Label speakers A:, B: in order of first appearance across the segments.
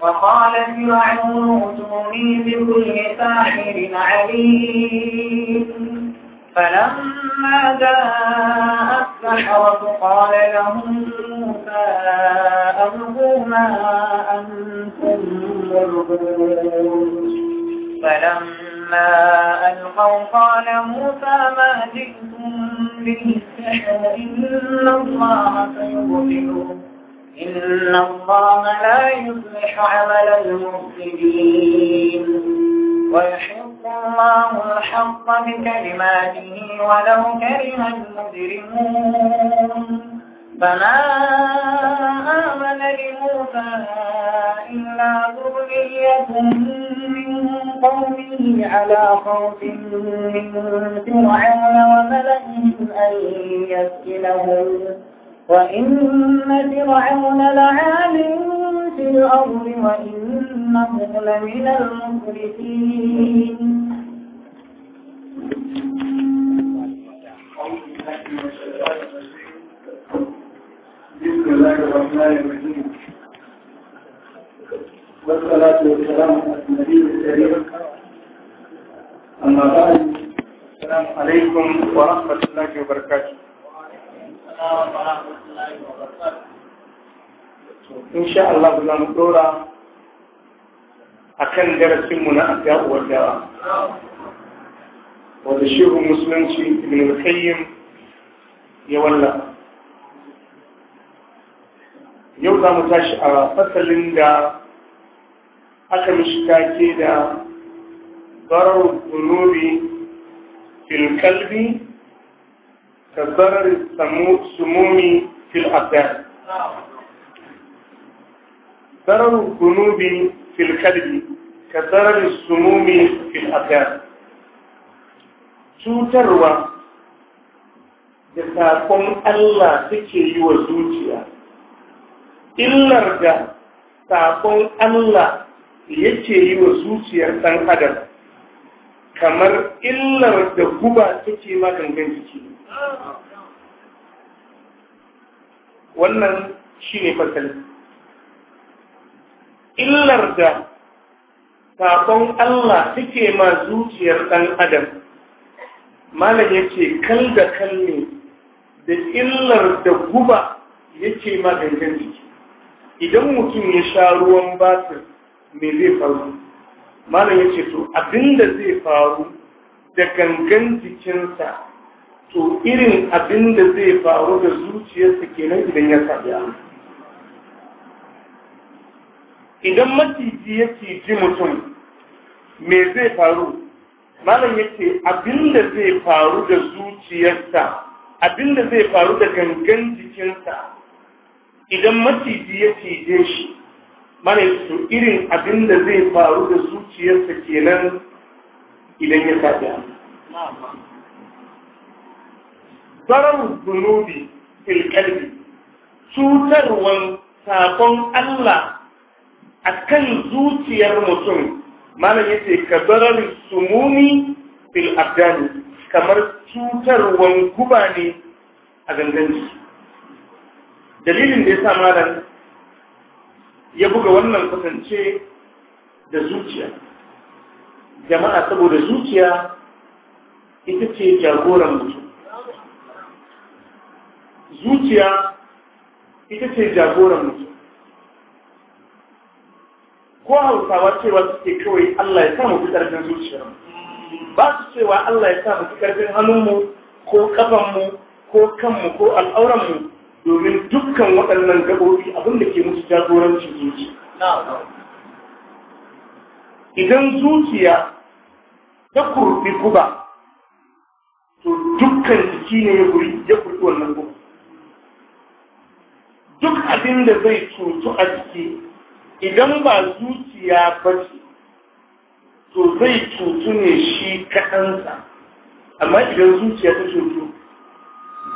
A: وقالت فرعون اتوني بكل ساحر عليم فلما جاء السحرة قال لهم موسى ألقوا ما أنتم ملقون فلما ألقوا قال موسى ما جئتم به السحر إن الله سيبطله إن الله لا يصلح عمل المفسدين ويحق الله الحق بكلماته ولو كره المجرمون فما آمن لموسى إلا ذرية من قومه على خوف من فرعون وملئهم أن يسكنهم وإن فرعون لعال في الأرض وإنه لمن المسرفين
B: Thank you. بسم الله الرحمن الرحيم والصلاة والسلام على النبي الكريم
C: أما بعد السلام عليكم ورحمة الله وبركاته إن شاء الله لن دورا akan darasinmu na addu'a wadda wadda shehu musulunci ibn al-qayyim ya wallafa yau za mu tashi a fasalin da aka mishi take da zarar zunubi fil kalbi ka zarar sumumi fil abdan zarar zunubi fil kalbi ka zarar sumumi fil abdan cutarwa da saƙon Allah suke yi wa zuciya illar da sakon Allah yake yi wa zuciyar ɗan adam kamar illar da guba take ma gangan jiki wannan shi ne fasali illar da sakon Allah take ma zuciyar ɗan adam malam yake kal da kal ne da illar da guba yake ma gangan jiki idan mutum ya sha ruwan batir me zai faru malam ya ce to abinda zai faru da gangan jikinsa to irin abinda zai faru da zuciyarsa kenan idan ya sabi idan maciji ya ciji mutum me zai faru malam ya ce abinda zai faru da zuciyarsa abinda zai faru da gangan jikinsa idan maciji ya cije shi mana su irin abin da zai faru da zuciyarsa kenan idan ya sabi Zarar zunubi filkalbi cutarwan sakon Allah a kan zuciyar mutum malam yace ka zarar sumuni filabdani kamar cutarwan guba ne a gangan dalilin da ya sa malam ya buga wannan kusance da zuciya jama'a saboda zuciya ita ce jagoran mutum zuciya ita ce jagoran mutum ko hausawa cewa suke kawai Allah ya sa mu fi ƙarfin zuciyar ba su cewa Allah ya sa mu fi ƙarfin hannunmu ko ƙafanmu ko kanmu ko al'auranmu domin dukkan waɗannan gaɓoɓi abin da ke musu jagoranci zuci. Idan zuciya ta kurbi guba, to dukkan jiki ne ya guri ya kurbi wannan guba. Duk abin da zai cutu a jiki, idan ba zuciya ba ce, to zai cutu ne shi kaɗansa. Amma idan zuciya ta cutu,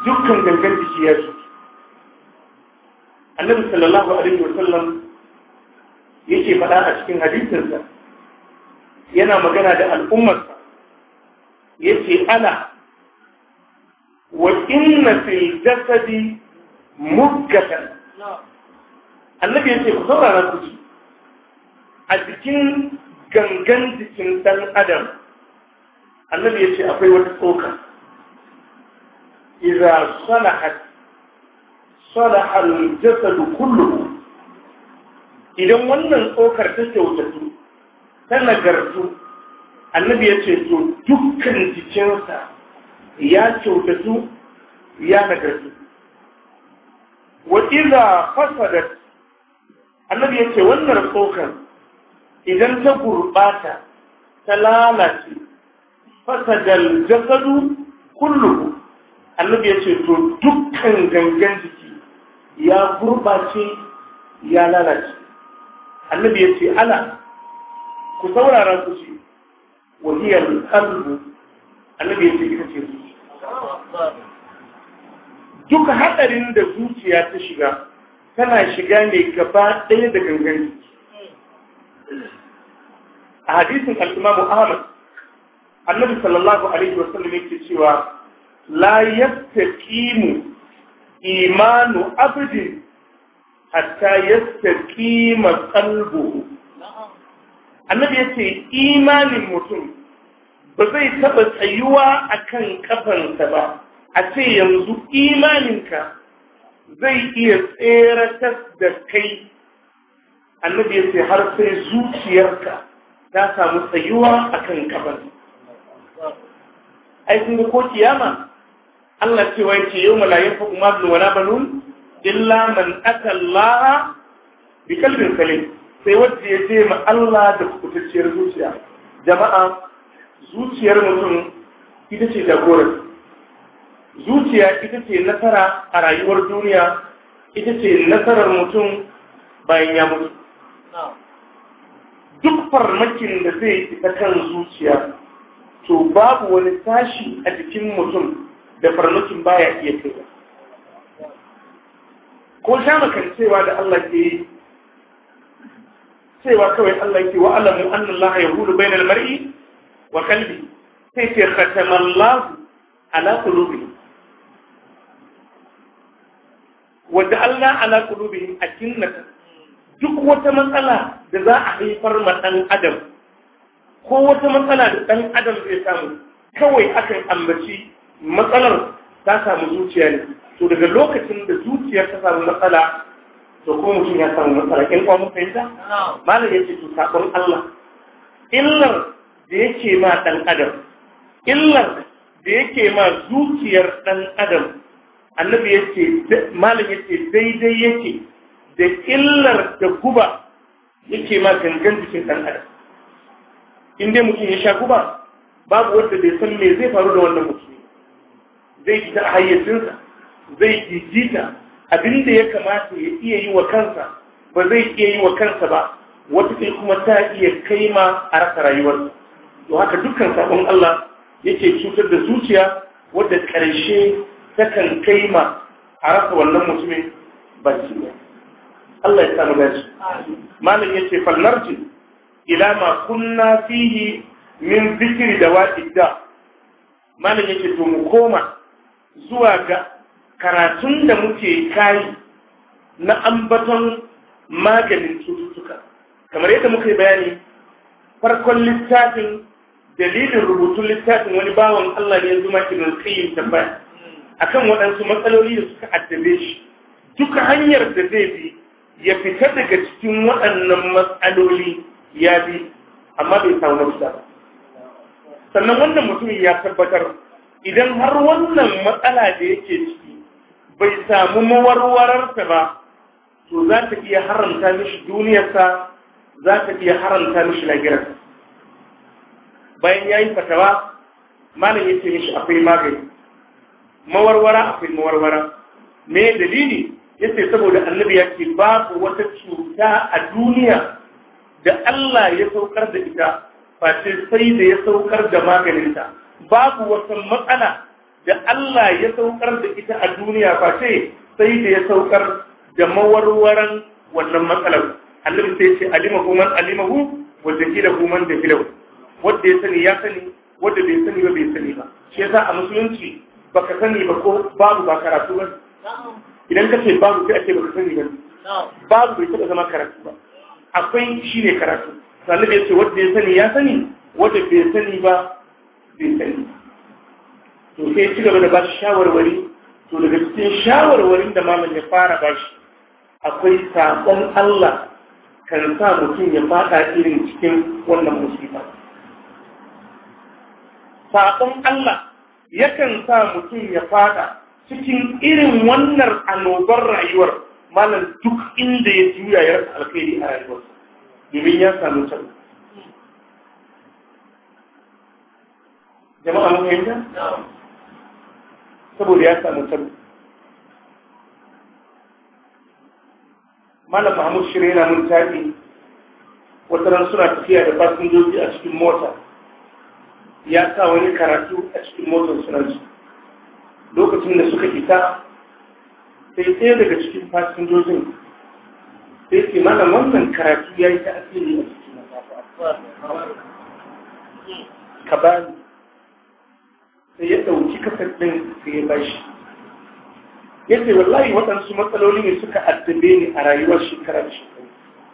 C: dukkan gangar jiki ya cutu. annabi sallallahu alaihi wa sallam yake faɗa a cikin hadisinsa yana magana da al'ummarsa yace Ala, wa inna fil jasadi muggatan annabi yace ku saurara ku ji a cikin gangan jikin dan adam annabi yace akwai wata tsoka idza salahat salahal jasadu kullu idan wannan tsokar ta kyautatu ta nagartu annabi ya ce to dukkan jikinsa ya kyautatu ya nagartu wa iza fasadat annabi ya ce wannan tsokar idan ta gurbata ta lalace fasadal jasadu kullu annabi ya ce to dukkan gangan jiki ya gurɓace ya lalace annabi ya ce ala ku saurara ku ce wahiyar kalbu annabi ya ce ita ce duk haɗarin da zuciya ta shiga tana shiga ne gaba ɗaya da gangan a hadisin al'imamu ahmad annabi sallallahu alaihi wasallam yake cewa la yastaqimu imanu abdi hatta yastaqima qalbuhu annabi yace imanin mutum ba zai taba tsayuwa akan kafansa ba a ce yanzu imaninka zai iya tseratar da kai annabi yace har sai zuciyarka ta samu tsayuwa akan kafan ai kun ko kiyama Allah wai ce yau malayin fa'u da wala banun illa man aka Allah bi kalbin salim sai wadda ya je ma Allah da kutacciyar zuciya jama'a zuciyar mutum ita ce jagorar zuciya ita ce nasara a rayuwar duniya ita ce nasarar mutum bayan ya mutu duk farmakin da zai fita kan zuciya to babu wani tashi a jikin mutum da farmakin baya iya kai ko sha cewa da Allah ke yi cewa kawai Allah ke wa alamu anna Allah ya hudu bainal mar'i wa kalbi sai ce khatamallahu ala qulubi wadda Allah ala a akinnata duk wata matsala da za a haifar ma ɗan adam ko wata matsala da ɗan adam zai samu kawai akan ambaci matsalar ta samu zuciya ne to daga lokacin da zuciyar ta samu matsala to kuma mutum ya samu matsala in kuma mun fahimta malam yace to sabon Allah illar da yake ma dan adam illar da yake ma zuciyar dan adam annabi yace malam yace daidai yake da illar da guba yake ma gangan jikin dan adam in dai mutum ya sha guba babu wanda bai san me zai faru da wannan mutum zai fita a hayyacinsa zai jijita abinda ya kamata ya iya yi wa kansa ba zai iya yi wa kansa ba wata kai kuma ta iya kai ma a rasa rayuwar to haka dukkan sabon Allah yake cutar da zuciya wadda ƙarshe takan kai ma a rasa wannan mutumin shi ne Allah ya samu gaji malam yace fallarji ila ma kunna fihi min zikri da wa'idda malam yake to mu koma zuwa ga karatun da muke kayi na ambaton maganin cututtuka kamar yadda muka bayani farkon littafin dalilin rubutun littafin wani bawan Allah ne yanzu maki don tsayin tambaya akan waɗansu matsaloli da suka addabe shi duka hanyar da zai bi ya fita daga cikin waɗannan matsaloli ya bi amma bai samu ba sannan wannan mutum ya tabbatar idan har wannan matsala da yake ciki bai samu mawarwararta ba to za ta iya haramta mishi duniyarsa za ta iya haramta mishi lagirar. bayan ya yi fatawa malam ya ce mishi akwai magani mawarwara akwai mawarwara me dalili ya ce saboda annabi ya ce babu wata cuta a duniya da Allah ya saukar da ita face sai da ya saukar da maganinta babu wata matsala da Allah ya saukar da ita a duniya ba ce sai da ya saukar da mawarwaran wannan matsalar Allah sai ce alimahu man alimahu wa jahilahu da jahilahu wanda ya sani ya sani wanda bai sani ba bai sani ba shi yasa a musulunci baka sani ba ko babu ba karatu ba idan ka ce babu sai a ce baka sani ba babu bai taɓa zama karatu ba akwai shine karatu annabi bai ce wanda ya sani ya sani wanda bai sani ba to sai ci gaba da ba shi shawarwari to daga cikin shawarwarin da malam ya fara ba shi akwai saƙon Allah kan sa mutum ya faɗa irin cikin wannan musulman saƙon Allah yakan sa mutum ya faɗa cikin irin wannan annobar rayuwar malam duk inda ya juya ya rasa alkhairi a rayuwarsa domin ya samu canza jama'a mun fahimta saboda ya samu taro malam mahmud shirya yana mun tafi wata suna tafiya da fasinjoji a cikin mota ya sa wani karatu a cikin motar sunansu lokacin da suka fita sai ɗaya daga cikin fasinjojin sai ce mana wannan karatu ya yi ta asiri a cikin mota ka bani sai ya ɗauki kasar ɗin sai ya bashi
A: ya ce wallahi
C: waɗansu matsaloli ne suka addabe ni a rayuwar shekara da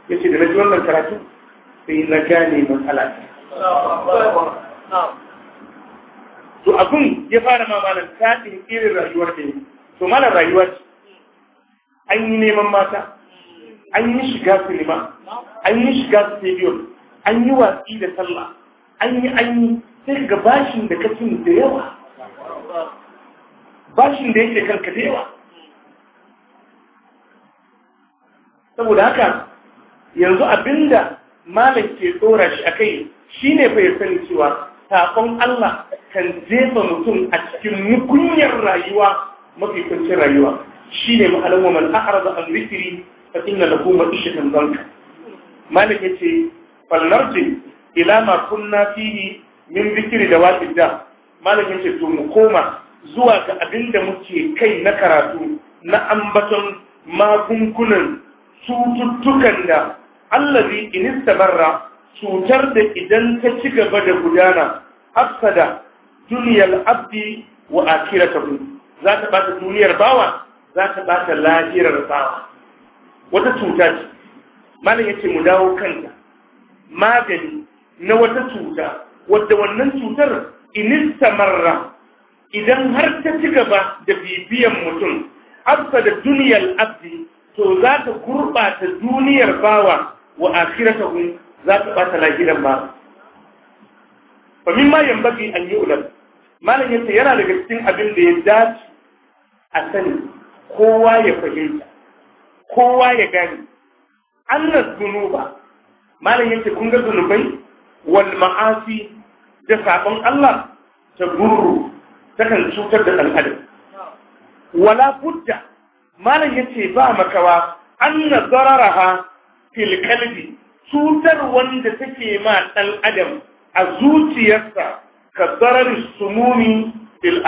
C: ya ce da na ji wannan karatu sai na gane matsala to abin ya fara ma malam taɗin irin rayuwar da yi to malam rayuwa ce an yi neman mata an yi shiga sinima an yi shiga stadium an yi watsi da sallah an yi an yi sai ga bashin da kake da yawa bashin da yake kanka da yawa saboda haka yanzu abinda malam ke tsora shi a akai shine fa ya sani cewa sakon Allah kan jefa mutum a cikin mukunyar rayuwa mafi kwanci rayuwa shine ne wa man da an a fa inna lahu banka malik yace ce narji ila ma kunna fiye min zikiri da wasu da malamin ce to mu koma zuwa ga abin da muke kai na karatu na ambaton magungunan cututtukan da allazi inistabarra cutar da idan ta ci gaba da gudana afsada duniyar abdi wa akiratahu za ta bata duniyar bawa za ta bata lahirar bawa wata cuta ce malam yace mu dawo kanta magani na wata cuta wadda wannan cutar marra, idan har ta ci gaba da bibiyan mutum absa da duniyar abdi to za ta gurɓata duniyar bawa wa hun za ta ɓata lahiran ba fa mimma bagi an yu'lam malam yadda yana daga cikin abin da ya dace a sani kowa ya fahimta kowa ya gani annas zunuba malam yace kun ga zunubai wal ma'asi da sabon Allah ta gurru takan cutar da ɗan adam wala budda malam yace ba makawa anna dararaha fil qalbi cutar wanda take ma ɗan adam a zuciyarsa ka darari sumumi fil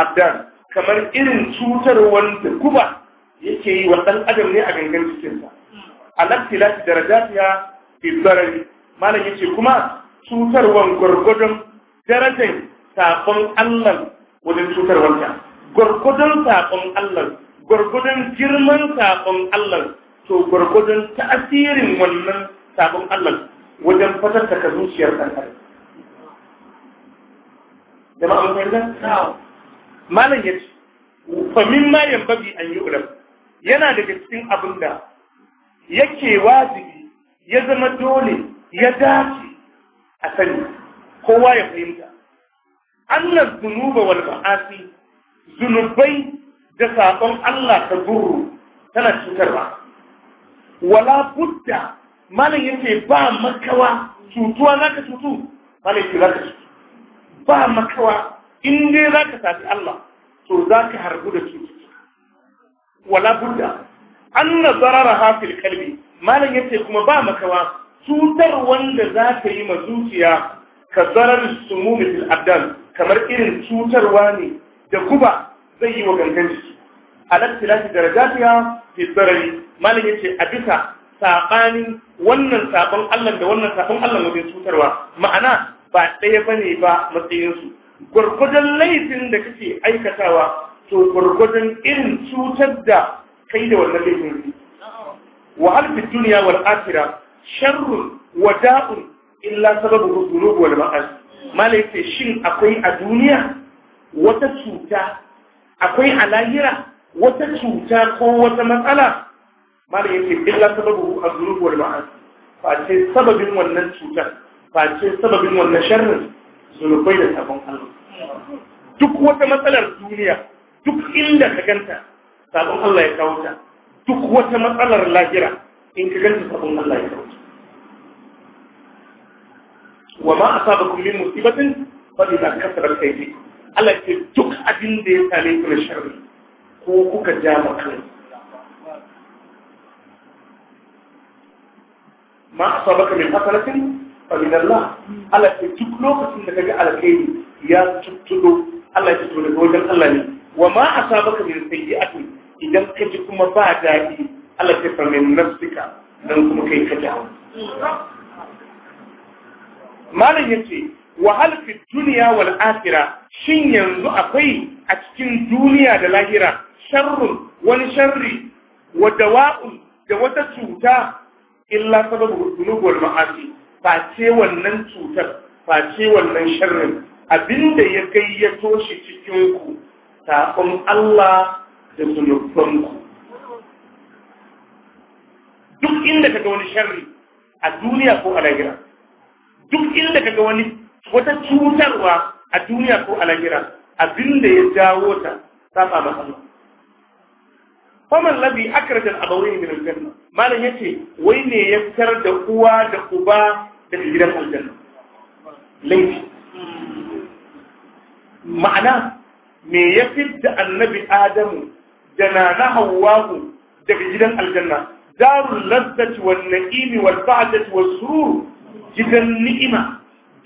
C: kamar irin cutar wanda guba yake yi wa ɗan adam ne a gangan cikinsa da lafi lafi darajatiya fi darari malam yace kuma cutarwan gwargwadon darajar saƙon Allah wajen cutarwanta, gwargwadon saƙon Allah, gwargwadon girman saƙon Allah, to gwargwadon ta'asirin wannan saƙon Allah wajen fatattaka zuciyar ɗan Jama'a mun fahimta? Malam ya ce, famin ma babi an yi ulam, yana daga cikin abin da yake wajibi ya zama dole ya dace a sani kowa ya fahimta annan zunuba wal ma'asi zunubai da saƙon Allah ta zuru tana cutarwa wala budda malam yake ba makawa cutuwa za ka cutu malam yace za ka cutu ba makawa in dai za ka tafi Allah to za ka harbu da cutu. wala budda an na zarara hafil kalbi malam yake kuma ba makawa cutar wanda za ka yi ma zuciya ka zarar sumumi fil abdal kamar irin cutarwa ne da guba zai yi wa gangan jiki da darajatiya fi Malami ce yace a bisa saɓani wannan sabon Allah da wannan sabon Allah wajen cutarwa ma'ana ba ɗaya bane ba matsayinsu gwargwadon laifin da kake aikatawa to gwargwadon irin cutar da kai da wannan laifin wa hal duniya wal sharrun wa da'un illa sababu dhunub wal ma'as mala yace shin akwai a duniya wata cuta akwai a lahira wata cuta ko wata matsala mala yace illa sababu dhunub wal ma'as fa ce wannan cutar da sabon Allah duk wata matsalar duniya duk inda ka ganta sabon Allah ya kawo ta duk wata matsalar lahira in ka ganta sabon Allah ya kawo ta wa ma asabakum min musibatin fa bi kasara kayfi Allah ce duk abin da ya same ku na sharri ko kuka ja ma kanku ma asabaka min hasanatin fa min Allah Allah ce duk lokacin da kaga alkhairi ya tuttudo Allah ya tuttudo daga wajen Allah ne wa ma asabaka min sayyi'atin idan ka ji kuma ba daɗi Allah ce fa min nafsika dan kuma kai ka jawo malam yace wa wahal fi wa wal shin yanzu akwai a cikin duniya da lahira sharrun wani sharri wa dawa'un da wata cuta illa sababu dunubul ma'asi ce wannan cutar ce wannan sharrin abinda ya kai ya toshe cikin ku sakon Allah da zunubanku duk inda ka ga wani sharri a duniya ko a lahira duk inda kaga wani wata cutarwa a duniya ko a lahira abin da ya jawo ta saba ma Allah faman labi akraja al-abawayn min al-janna malan yace wai ne ya fitar da uwa da uba daga gidan aljanna laifi ma'ana me ya fidda annabi adamu da nana hawwahu daga gidan aljanna darul lazzati wan na'imi wal ba'dati was surur gidan ni'ima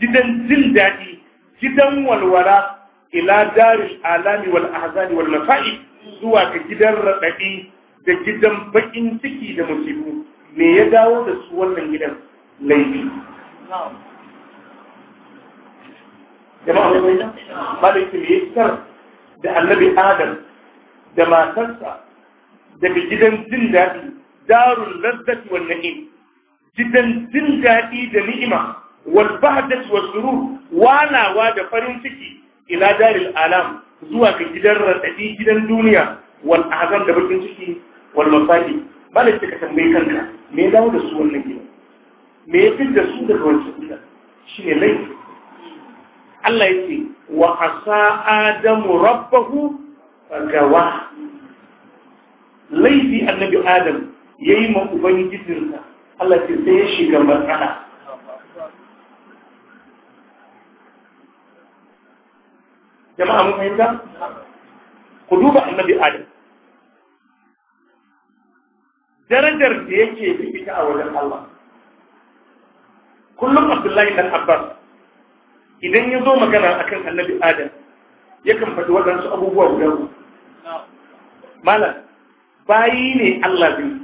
C: gidan jin daɗi gidan walwala ila daril alami wal ahzani wal mafa'i zuwa ga gidan raɗaɗi da gidan baƙin ciki da musibu me ya dawo da su wannan gidan laifi jama'a mai da annabi adam da matarsa daga gidan jin daɗi darul lazzati wan na'im cikin jin daɗi da ni'ima wal bahdat wa surur walawa da farin ciki ila daril alam zuwa ga gidan radadi gidan duniya wal azam da bakin ciki wal mafadi bala ka tambayi kanka me ya dawo da su wannan gida me ya fitar da su daga wancan gida shine laifi Allah yake wa asa adamu rabbahu fagawa laifi annabi adam yayi ma ubangijinsa Allah ke sai ya shiga matsala jama'a mun fahimta ku duba annabi adam darajar da yake da ita a wajen Allah kullum Abdullahi na Abbas idan ya zo magana a kan annabi Adam yakan faɗi waɗansu abubuwa guda uku. Malam, bayi ne Allah bin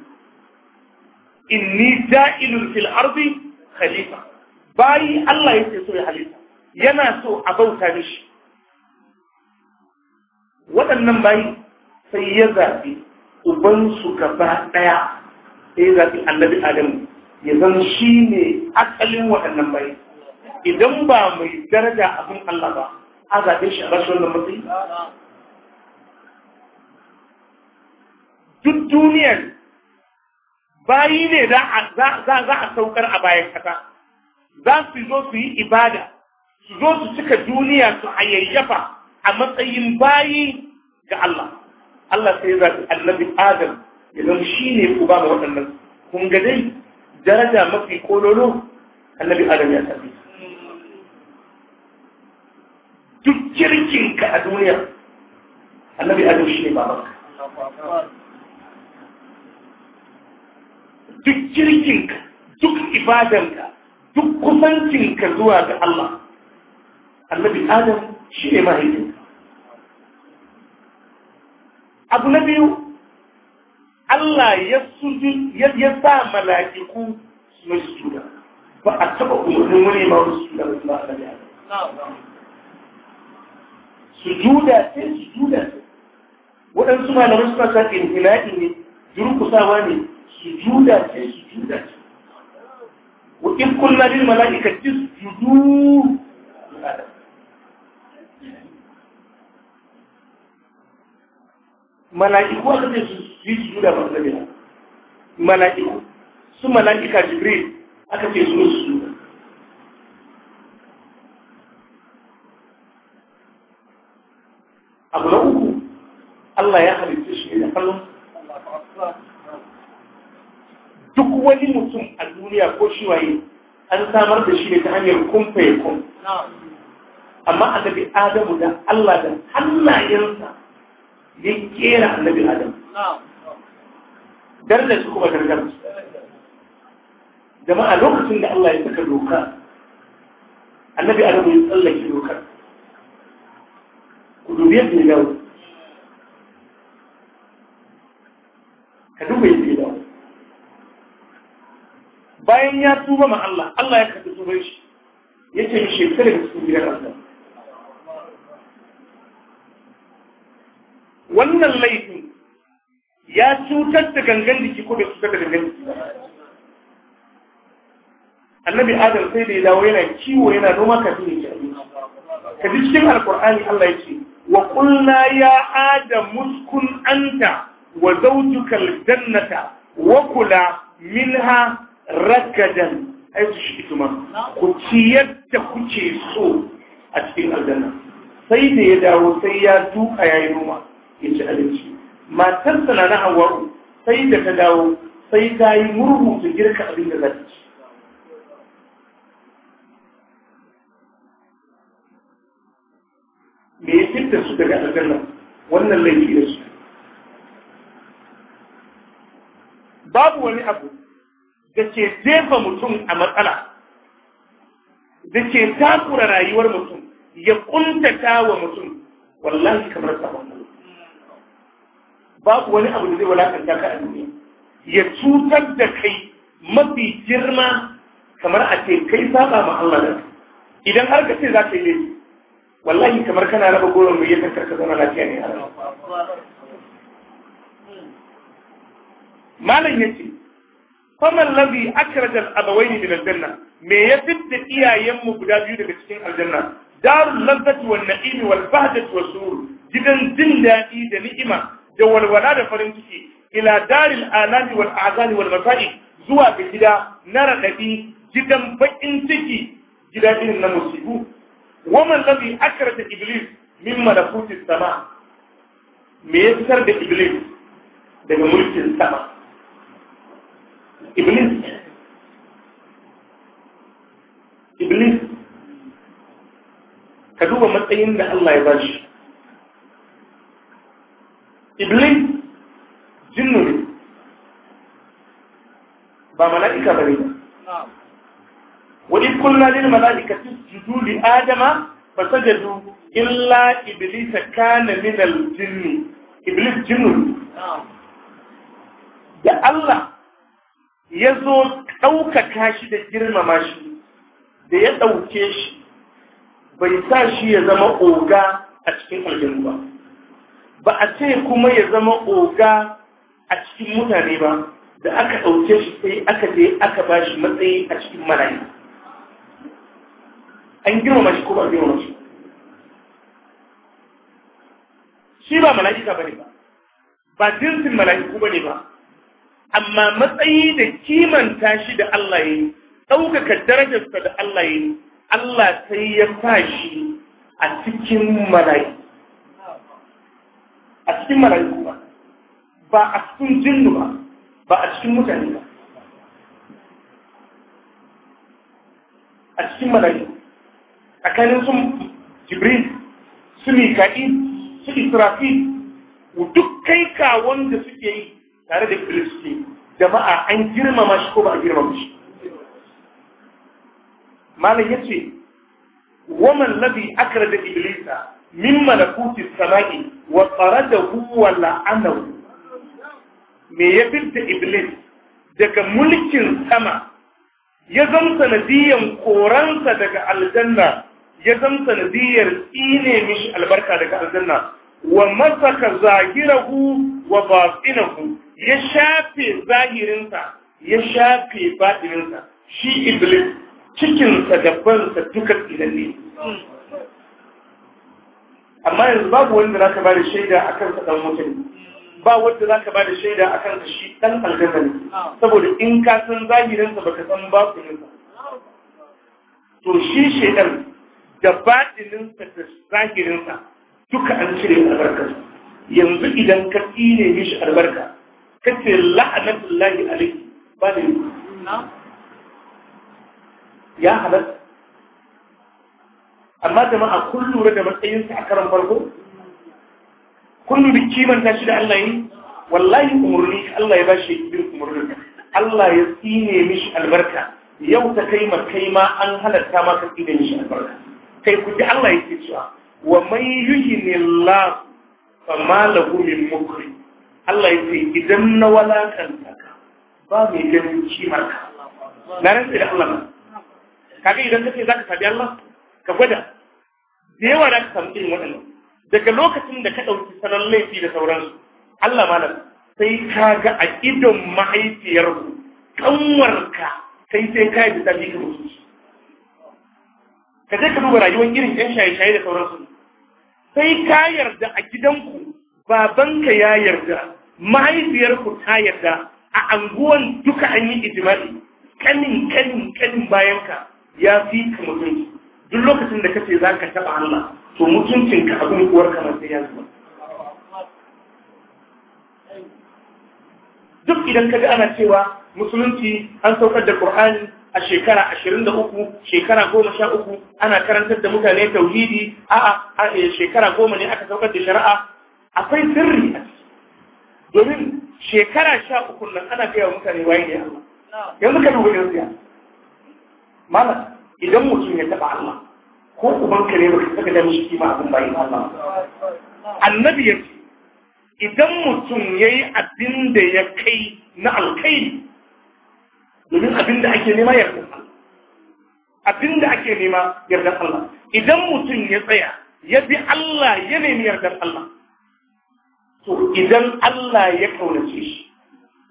C: inni ja'ilun fil ardi khalifa bayi Allah yake so ya halitta yana so a bauta mishi waɗannan bayi sai ya zaɓi ubansu gaba ɗaya sai ya zaɓi annabi Adamu ya zan shi ne asalin waɗannan bayi idan ba mai daraja abin Allah ba a zaɓe shi a rashin wannan matsayi duk duniyar bayi ne za a saukar a bayan ƙasa za su zo su yi ibada su zo su cika duniya su hayayyafa a matsayin bayi ga Allah Allah sai ya annabi Adam ya zama shi ne ku ga waɗannan kun ga dai daraja mafi kololo annabi Adam ya tafi duk kirkinka a duniya annabi Adam shi ne
B: babanka
C: duk jirginka duk ibadanka duk kusancinka zuwa ga Allah annabi adam shi ne mahaifinka abu na biyu Allah ya suji ya sa mala'iku su yi sujuda ba a taba umarnin wani ma wani sujuda ba su ba annabi sujuda sai sujuda waɗansu malamai suna sa inhina'i ne durkusawa ne sujuda ce sujuda ce wa in kullu lil malaikati
B: sujudu
C: mala'iku aka ce su yi sujuda ba zabe mala'iku su mala'ika jibril aka ce su sujuda abu na uku Allah ya halitta shi ne da kallon Allah duk wani mutum a duniya ko shi waye an samar da shi ne ta hanyar kumfaye ya kun amma annabi adamu da Allah da hannayensa ya kera annabi adamu darda su kuma darda su jama'a lokacin da Allah ya saka doka annabi adamu ya tsallake dokar ku dubi yadda ya dawo ka duba yadda ya bayan ya tuba ma Allah Allah ya karɓi tuban shi yace ya shekara da cikin gidan Allah wannan laifin ya cutar da gangan jiki ko bai cutar da gangan jiki annabi adam sai da ya dawo yana kiwo yana noma kafin ya abinci. ka ji cikin alkur'ani Allah ya ce wa qulna ya adam muskun anta wa zawjuka aljannata wa kula minha ragadan aiki shi kuma ku ci yadda kuke so a cikin aljanna sai da ya dawo sai ya duka ya yi noma ya ci abinci matarsa na na hawaru sai da ta dawo sai ta yi murhu ta girka abin da za ta ci me ya fitar su daga aljanna wannan laifi da su babu wani abu da ke jefa mutum a matsala da ke takura rayuwar mutum ya ƙuntata wa mutum wallahi kamar sabon babu wani abu da zai walakanta ka a ya cutar da kai mafi girma kamar a ce kai saba ma Allah da idan har ka ce za ka yi laifi wallahi kamar kana raba goron mai yadda ka zauna lafiya ne a malam ya ce faman ladhi akhraja al-abawayn da al-janna me ya fidda iyayenmu guda biyu daga cikin aljanna darul ladzati wan na'im wal bahjati was surur gidan jin dadi da ni'ima da walwala da farin ciki ila daril alami wal azani wal zuwa ga gida na radadi gidan bakin ciki gida irin na musibu waman ladhi akhraja iblis min malakutis sama me ya fitar da iblis daga mulkin sama Iblis. Iblis. Ka duba matsayin da Allah ya ba shi. Iblis. Jinnuri. Ba mala’ika ba ne. Wani kula ne mala’ika su juju li Adama ba sajadu illa Iblis a kanan minal jinnu. Iblis jinnuri. Da Allah. ya zo ɗaukaka shi da girmama shi da ya ɗauke shi bai sa shi ya zama oga a cikin aljanu ba ba a ce kuma ya zama oga a cikin mutane ba da aka ɗauke shi sai aka je aka ba shi matsayi a cikin malayi. an girmama shi ko ba girmama shi shi ba mala'ika ba ne ba ba jinsin mala'iku ba ne ba amma matsayi da kimanta shi da Allah ya yi ɗaukaka darajarsa da Allah ya yi Allah sai ya sa shi a cikin mala'iku a cikin mala'iku ba ba a cikin jinnu ba ba a cikin mutane ba a cikin a tsakanin sun jibril su mika'il su israfil duk kai kawon da suke yi tare da kiristi jama'a an girmama shi ko ba a girmama shi malam ya ce waman labi akara da iblisa min malakuti sama'i wa tsara da huwa la'anahu me ya fita iblis daga mulkin sama ya zama sanadiyan koransa daga aljanna ya zama nadiyar tsine mishi albarka daga aljanna wa masaka zagirahu wa batinahu ya shafe zahirinsa ya shafe batininsa shi iblis cikinsa da bansa duka ne. amma yanzu babu wanda za ka ba da shaida a kansa ɗan mutum ba wanda za ka ba da shaida a kansa shi ɗan aljanna ne saboda in ka san zahirinsa baka san batininsa to shi shaidan da batininsa da zahirinsa duka an cire albarkar. yanzu idan ka tsine mishi albarka kace la'anatullahi alayhi ba ne ya halatta amma jama'a kun lura da matsayinsa a karan farko kun lura kimanta shi da Allah yi wallahi umarni Allah ya bashi bin umarni Allah ya tsine mishi albarka yau ta kai ma ma an halatta ma ka tsine mishi albarka kai ku ji Allah ya ce cewa wa man yuhinillahu fama lahu min mukrim Allah ya ce idan na walakanta ka ba mai ganin marka. na rantsi da Allah ba kaga idan kace za ka sabi Allah ka gwada da yawa da ka samu irin waɗannan daga lokacin da ka ɗauki sanar laifi da sauransu Allah malam sai ka ga a idon mahaifiyarku kanwarka sai sai ka yi da tsabi ka musu ka je ka duba rayuwar irin 'yan shaye-shaye da sauransu sai ka yarda a gidanku babanka ya yarda mahaifiyarku ta yarda a anguwan duka an yi ijimali kanin kanin kanin bayanka ya fi ka mutunci duk lokacin da kace za ka taɓa Allah to mutuncinka abin kuwar ka sai ya zuwa duk idan ka ga ana cewa musulunci an saukar da Qur'ani a shekara ashirin da uku, shekara goma sha uku, ana karantar da mutane tauhidi, a'a a eh, shekara goma ne aka saukar da shari'a, akwai sirri a domin shekara sha uku nan ana kai wa mutane waye ne Allah yanzu ka duba yanzu ya mana idan mutum ya taba Allah ko uban ka ne baka saka da shi ma abin bayin Allah annabi ya ce idan mutum ya yi abin da ya kai na alkhairi domin abin da ake nema ya Allah abin da ake nema yardan Allah idan mutum ya tsaya ya bi Allah ya nemi yardan Allah to idan Allah ya kaunace shi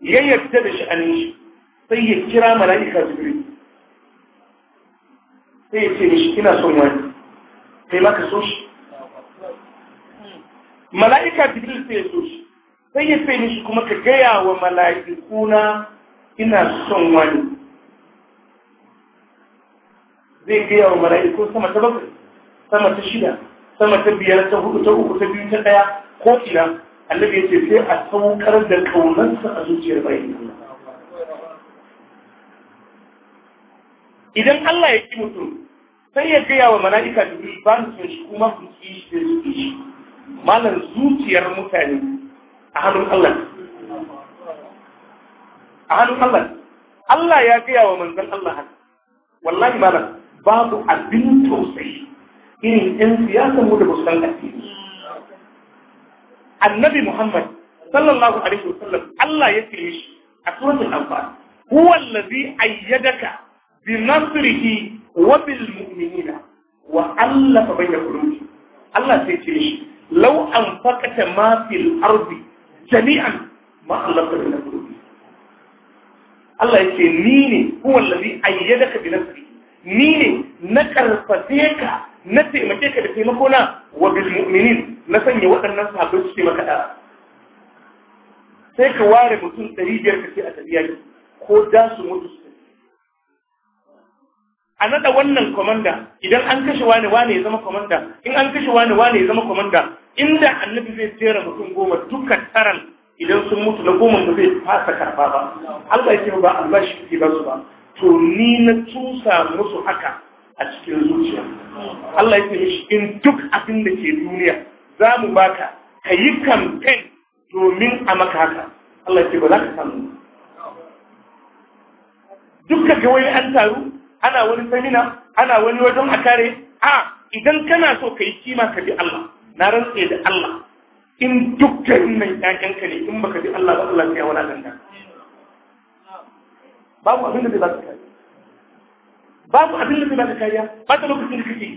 C: ya yarda da sha'anin shi sai ya kira mala'ika jibril sai ya ce mishi ina son wani kai ma ka so shi mala'ika jibril sai ya so shi sai ya ce mishi kuma ka gaya wa mala'ikuna ina son wani zai gaya wa mala'ikun sama ta bakwai sama ta shida sama ta biyar ta hudu ta uku ta biyu ta ɗaya ko ina annabi ya ce sai a saukar da kaunarsa a zuciyar bayan Allah idan Allah ya ki mutum sai ya gaya wa mala'ika da biyu ba su shi kuma su ki shi da su shi malar zuciyar mutane a hannun Allah a hannun Allah Allah ya gaya wa manzan Allah haka wallahi malam babu abin tausayi irin 'yan siyasa mu da ba su san addini annabi Muhammad sallallahu alaihi wasallam Allah ya ce mishi a suratul anfal huwa allazi ayyadaka bi nasrihi wa bil mu'minina wa allafa bayna qulubi Allah sai ce mishi law anfaqata ma fil ardi jami'an ma allafa bayna qulubi Allah ya ce ni ne huwa allazi ayyadaka bi nasrihi ni ne na karfafe ka na taimake ka da taimako na wa bilmu'minin na sanya waɗannan sahabbai su taimaka da sai ka ware mutum ɗari biyar ka ce a tafiya ne ko da su mutu su a naɗa wannan komanda idan an kashe wani wani ya zama komanda in an kashe wani wani ya zama komanda inda annabi zai jera mutum goma dukkan taran idan sun mutu na goma ba zai fasa karfa ba Allah ya ce ba albashi ke ba su ba to ni na tusa musu haka a cikin zuciya Allah ya ce in duk abin da ke duniya za mu baka ka yi kamfen domin a maka haka Allah ya ce ba za ka samu dukkan ga wani an taru ana wani samina ana wani wajen a kare a idan kana so ka yi kima ka bi Allah na rantse da Allah in duk garin nan ƴaƴanka ne in baka bi Allah ba Allah ya wani ganda babu abin da zai ba ka kare babu abin da zai baka kariya ba ta lokacin da kake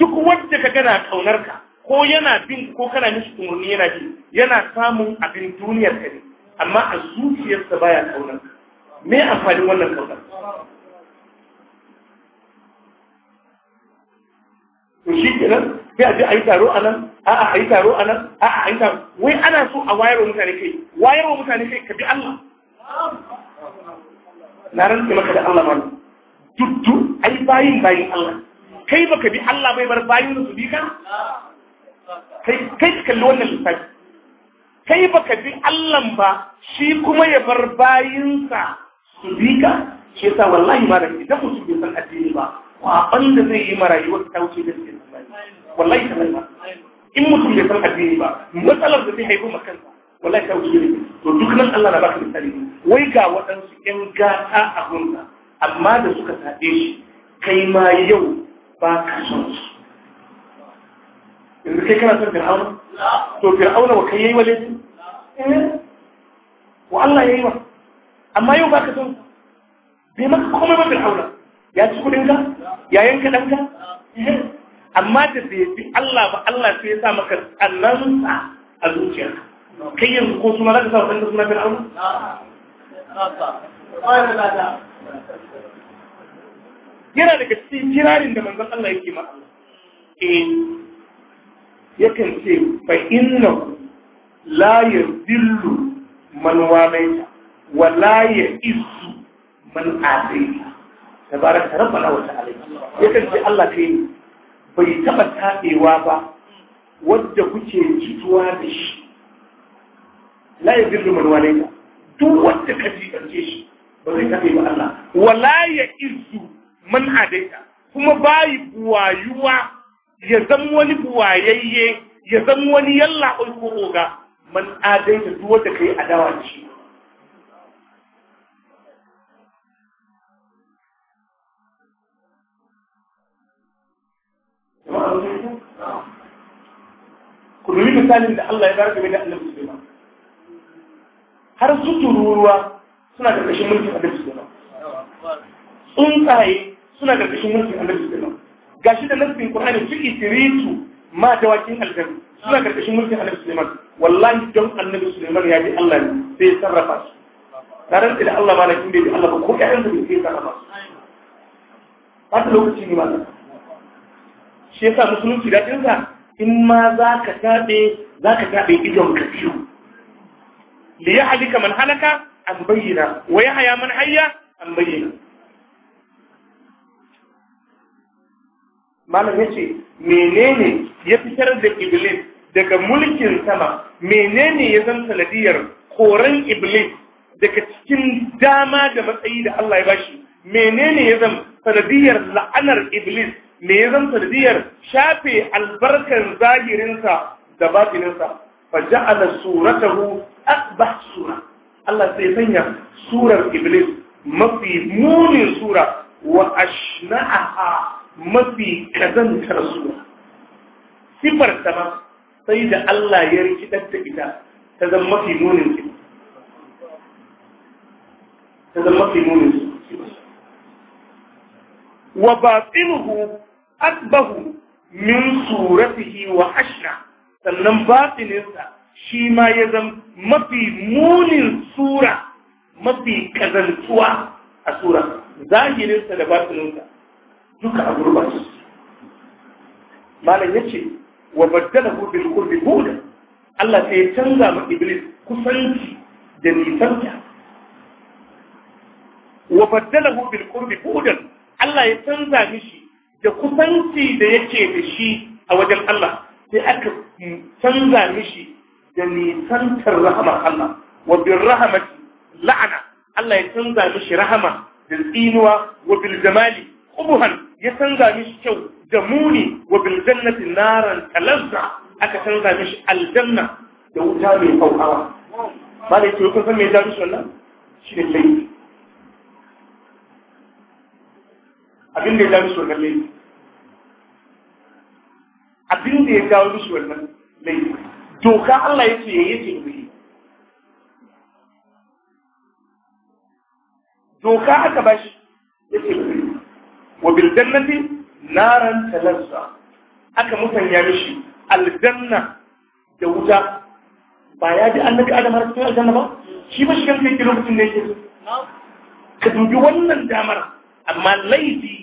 C: duk wanda ka gana kaunar ka ko yana bin ko kana mishi umarni yana bi yana samun abin duniyar ka ne amma a zuciyarsa baya kaunar ka me amfanin wannan kaunar to shi kenan sai a je a yi taro a nan a'a a yi taro a nan a'a a yi taro wai ana so a wayar wa mutane kai wayar wa mutane kai ka bi Allah na rantse maka da Allah ma tuttu ay bayin bayin Allah kai baka bi Allah bai bar bayin su bi ka kai kai kalli wannan lissafi kai baka bi Allah ba shi kuma ya bar bayinsa su bi ka shi yasa wallahi ma da idan mutum bai san addini ba kwaban da zai yi ma rayuwar ta wuce da su wallahi ta ba in mutum bai san addini ba matsalar da zai haifu makansa wallahi ta wuce da to duk nan Allah na baka misali wai ga waɗansu ƴan gata a gunta amma da suka saɗe shi kai ma yau ba ka son su yanzu kai kana son fir'auna to fir'auna wa kai yayi wa laifin eh. wa Allah yayi wa amma yau ba ka son bai maka komai ba fir'auna ya ci kudin ka ya yanka dan ka eh. amma da bai bi Allah ba Allah sai ya sa maka sa a zuciyarka kai yanzu ko suna za ka sa wa suna fir'auna yana daga cikin kirarin da manzan Allah yake ma eh yakan ce fa innahu la zillu man walaita wa la isu man adaita tabaraka rabbana wa Ya yakan ce Allah yi. bai taba tabewa ba wadda kuke jituwa da shi la zillu man ta, duk wanda ka ji shi ba zai kaɗe ba Allah wala ya izu man adaita kuma bayi buwayuwa ya zama wani buwayayye ya zama wani yalla ko roga man adaita duk wanda kai adawa ce ku dubi misalin da Allah ya bar game da annabi Sulaiman har su tururuwa suna karkashin mulkin annabi sulaiman tsuntsaye suna karkashin mulkin annabi sulaiman gashi da nasbin qur'ani su tiritu, ma dawakin aljanna suna karkashin mulkin annabi sulaiman wallahi don annabi sulaiman ya ji Allah ne sai ya sarrafa su tare da Allah ba na kin bai Allah ba ko ƴaƴan da bai sarrafa su ba ta lokaci ne ba shi yasa musulunci da kinsa in ma za ka taɓe za ka taɓe idon ka biyu li halika man halaka an bayyana wa yahya man hayya an bayyana malam yace menene ya fitar da iblis daga mulkin sama menene ya zama sanadiyar koran iblis daga cikin dama da matsayi da Allah ya bashi menene ya zama sanadiyar la'anar iblis me ya zama sanadiyar shafe albarkan zahirinsa da batininsa fa ja'ala suratahu asbah surah Allah sai sanya surar Iblis mafi munin sura wa ashna'aha mafi kazantar sura. Sifar ta ma sai da Allah ya rikidar da ita ta zama mafi munin sifar. Ta zama mafi munin sifar. Wa batinuhu asbahu min suratihi wa ashna sannan batininsa shi ma ya zama mafi munin sura mafi kazantuwa a sura zahirinsa da batininsa duka a gurbacin malam ya ce wa baddala hu bil qurbi huda Allah sai ya canza ma iblis kusanci da nisanta wa baddala hu bil qurbi Allah ya canza mishi da kusanci da yake da shi a wajen Allah sai aka canza mishi da nisantar rahamar Allah wa bil rahamati la'ana Allah ya canza mishi rahama da tsinuwa wa bil jamali ubuhan ya canza mishi kyau da muni wa bil jannati naran talazza aka canza mishi aljanna da wuta mai faukawa ba da yake kun san me ya mishi wannan shi ne laifi abin da ya mishi wannan laifi abin da ya mishi wannan laifi doka Allah Ya ce yayi sulhu doka aka bashi yake wa bil jannati naran talazza aka musanya mishi aljanna da wuta ba ya ji annabi adam har cikin aljanna ba shi ba shi kanka yake lokacin da yake ka dubi wannan damar amma laifi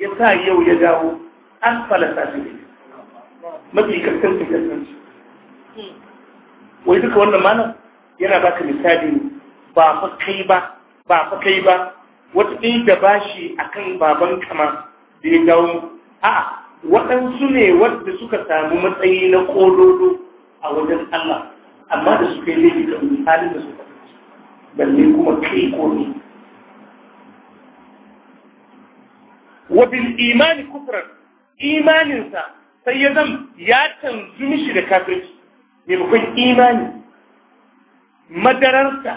C: ya sa yau ya dawo asfala sasiri mafi kaskanci kaskanci wai duka wannan malam yana baka misali ba fa kai ba ba fa kai ba wata ɗin da bashi akan baban kama da ya dawo a'a waɗansu ne wadda suka samu matsayi na ƙololo a wajen Allah amma da suka yi laifi ga misalin da suka balle kuma kai ko ne wa bil imani kufran imaninsa sai ya zam ya canzu mishi da kafirci maimakon imani madararsa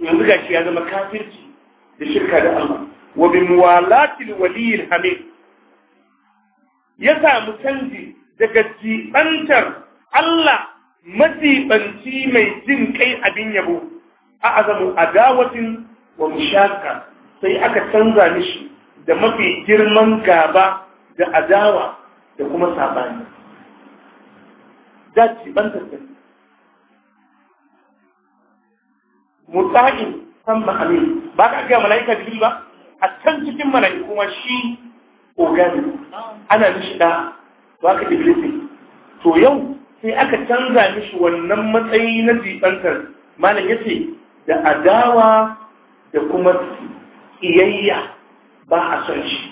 C: yanzu ga shi ya zama kafirci da shirka da Allah wa bi muwalatil waliyil hamid ya samu canji daga jibantar Allah majibanci mai jin kai abin yabo a azamu adawatin wa mushaka sai aka canza mishi da mafi girman gaba da adawa da kuma sabani ban din mutaqin san ne ba ka ga malaika biyu ba a can cikin malaika kuma shi ogani ana mishi da ba ka to yau sai aka canza mishi wannan matsayi na jibantar malam yace da adawa da kuma iyayya ba a son shi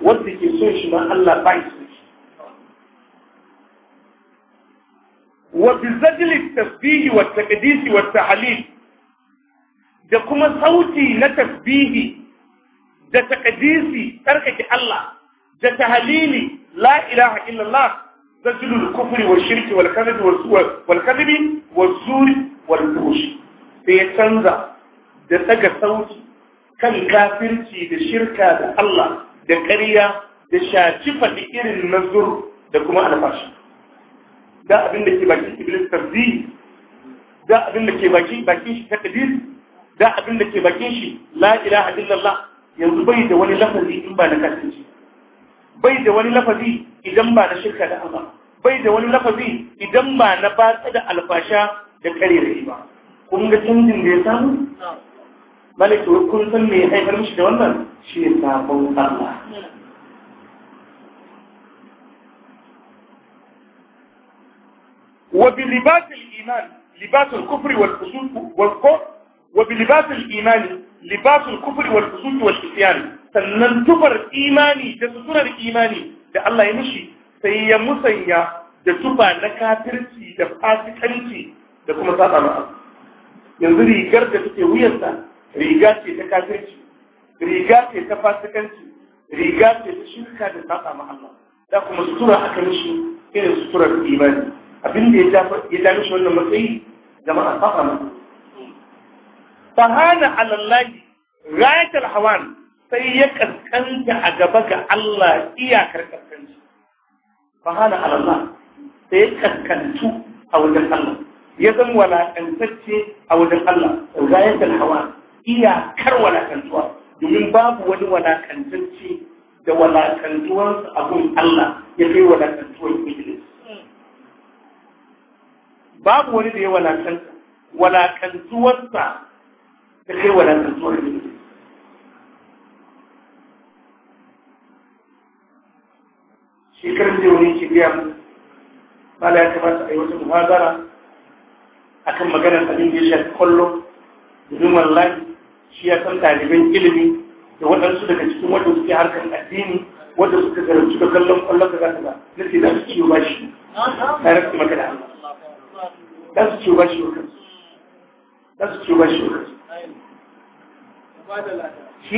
C: wanda ke son shi ma Allah ba shi وبزجل التسبيح والتقديس والتحليل da kuma sauti na tasbihi da takadisi tarkake Allah da tahalili la ilaha illallah zajlul kufri wa shirki wal kadhib wal suwar wal kadhib wal zuri wal fush sai ya canza da daga sauti kan kafirci da shirka da Allah da ƙarya da shaci faɗi irin nazur da kuma alfashi da abin da ke bakin iblis tarzi da abin da ke bakin bakin shi takdir da abin da ke bakin shi la ilaha illallah yanzu bai da wani lafazi in ba na kafirci bai da wani lafazi idan ba na shirka da Allah bai da wani lafazi idan ba na batsa da alfasha da karerai ba kun ga canjin da ya samu malaka kun san me ya haifar mishi da wannan shi ne sabon Allah وبلباس الإيمان لباس الكفر والفسوق والكفر وبلباس الإيمان لباس sannan tufar imani da suturar imani da Allah ya mishi sai ya musanya da tufa na kafirci da fasikanci da kuma saba ma'a yanzu rigar da take wuyansa riga ce ta kafirci riga ce ta fasikanci riga ce ta shirka da saba ma'a da kuma sutura aka mishi irin suturar imani abin da ya ta shi wannan matsayi jama'a saba masa fahana alallahi rayatul hawan sai ya kaskanta a gaba ga Allah iyakar kaskanci fahana alallah sai ya kaskantu a wajen Allah ya zan walakantacce a wajen Allah rayatul hawan iyakar walakantuwa domin babu wani walakantacce da walakantuwarsa abun Allah ya kai walakantuwar Iblis babu wani da ya walakanta walakantuwarsa da kai walakantuwar ne shekarun da wani ke biya mala ya kamata a yi wata muhazara a kan maganar abin da ya shafi kwallo domin wallahi shi ya san ɗaliban ilimi da waɗansu daga cikin wanda suke harkar addini wanda suka garanci da kallon kwallon da za su ba na nake za su ciwo ba shi tare da magana Allah da shi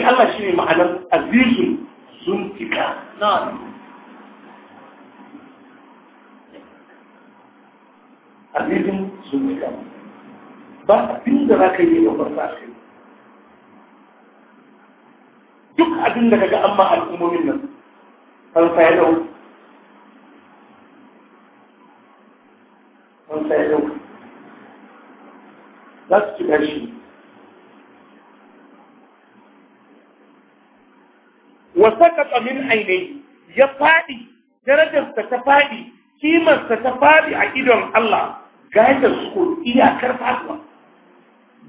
C: Allah shi ne ma'anar azizun sun fika azizun sun fika ba abin da za ka yi da farfa duk abin da kaga amma al'ummomin nan farfa ya dau za su ci wasa ka min ainihi ya faɗi darajarsa ta faɗi kimarsa ta faɗi a idon Allah gajar su ko iyakar faɗuwa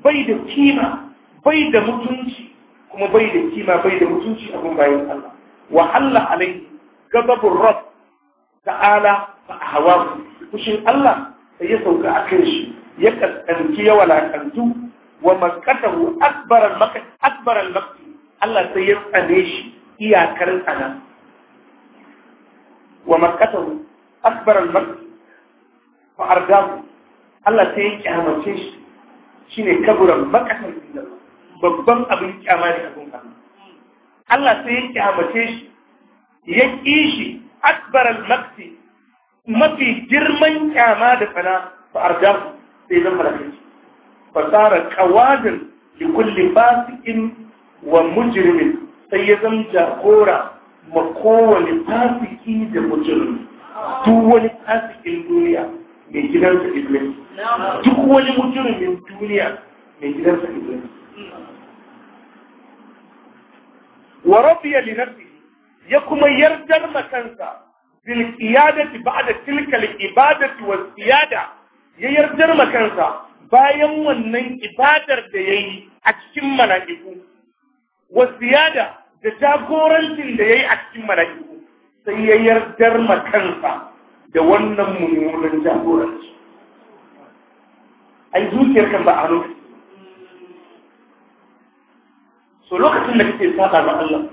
C: bai da kima bai da mutunci kuma bai da kima bai da mutunci abin bayan Allah wa Allah alaihi gababin rabb ta'ala fa hawa kushin Allah sai ya sauka a kan shi ya kaskanci ya walakantu wa maskatahu akbaran makat akbaran makat Allah sai ya tsane shi iyakar tsana wa maskatahu akbaran makat fa ardahu Allah sai ya kyamace shi shine kaburan makatan billah babban abin kyama ne abin Allah Allah sai ya kyamace shi ya ƙi shi akbaran makat mafi girman kyama da tsana fa ardahu sai zan malakai fasara kawadin li kulli fasikin wa mujrimin sai ya zan jagora ma kowane fasiki da mujrimi duk wani fasikin duniya mai gidansa iblis duk wani mujrimin duniya mai gidansa iblis wa rafiya li nafsi ya kuma yardar makansa kansa bil qiyadati ba'da tilka al ibadati wa siyada ya yardar ma kansa bayan wannan ibadar da ya yi a cikin mala'iku wasiyada da jagorancin da ya yi a cikin mala'iku sai ya yardar ma kansa da wannan mummunan jagoranci yi zuciyar kan ba a lokaci so lokacin da kake saba ma Allah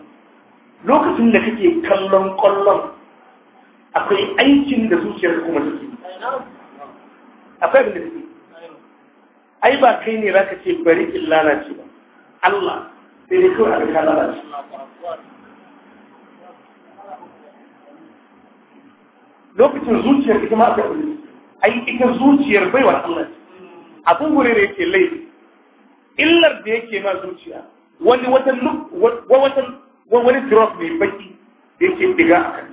C: lokacin da kake kallon kallon akwai aikin da zuciyar kuma take akwai abin da suke ai ba kai ne zaka ce bari in lalace ba Allah sai dai kawai aka lalace lokacin zuciyar ita ma aka ai ita zuciyar baiwa Allah Abin gure ne yake laifi illar da yake ma zuciya wani wata wata wani drop mai baki da yake diga a kan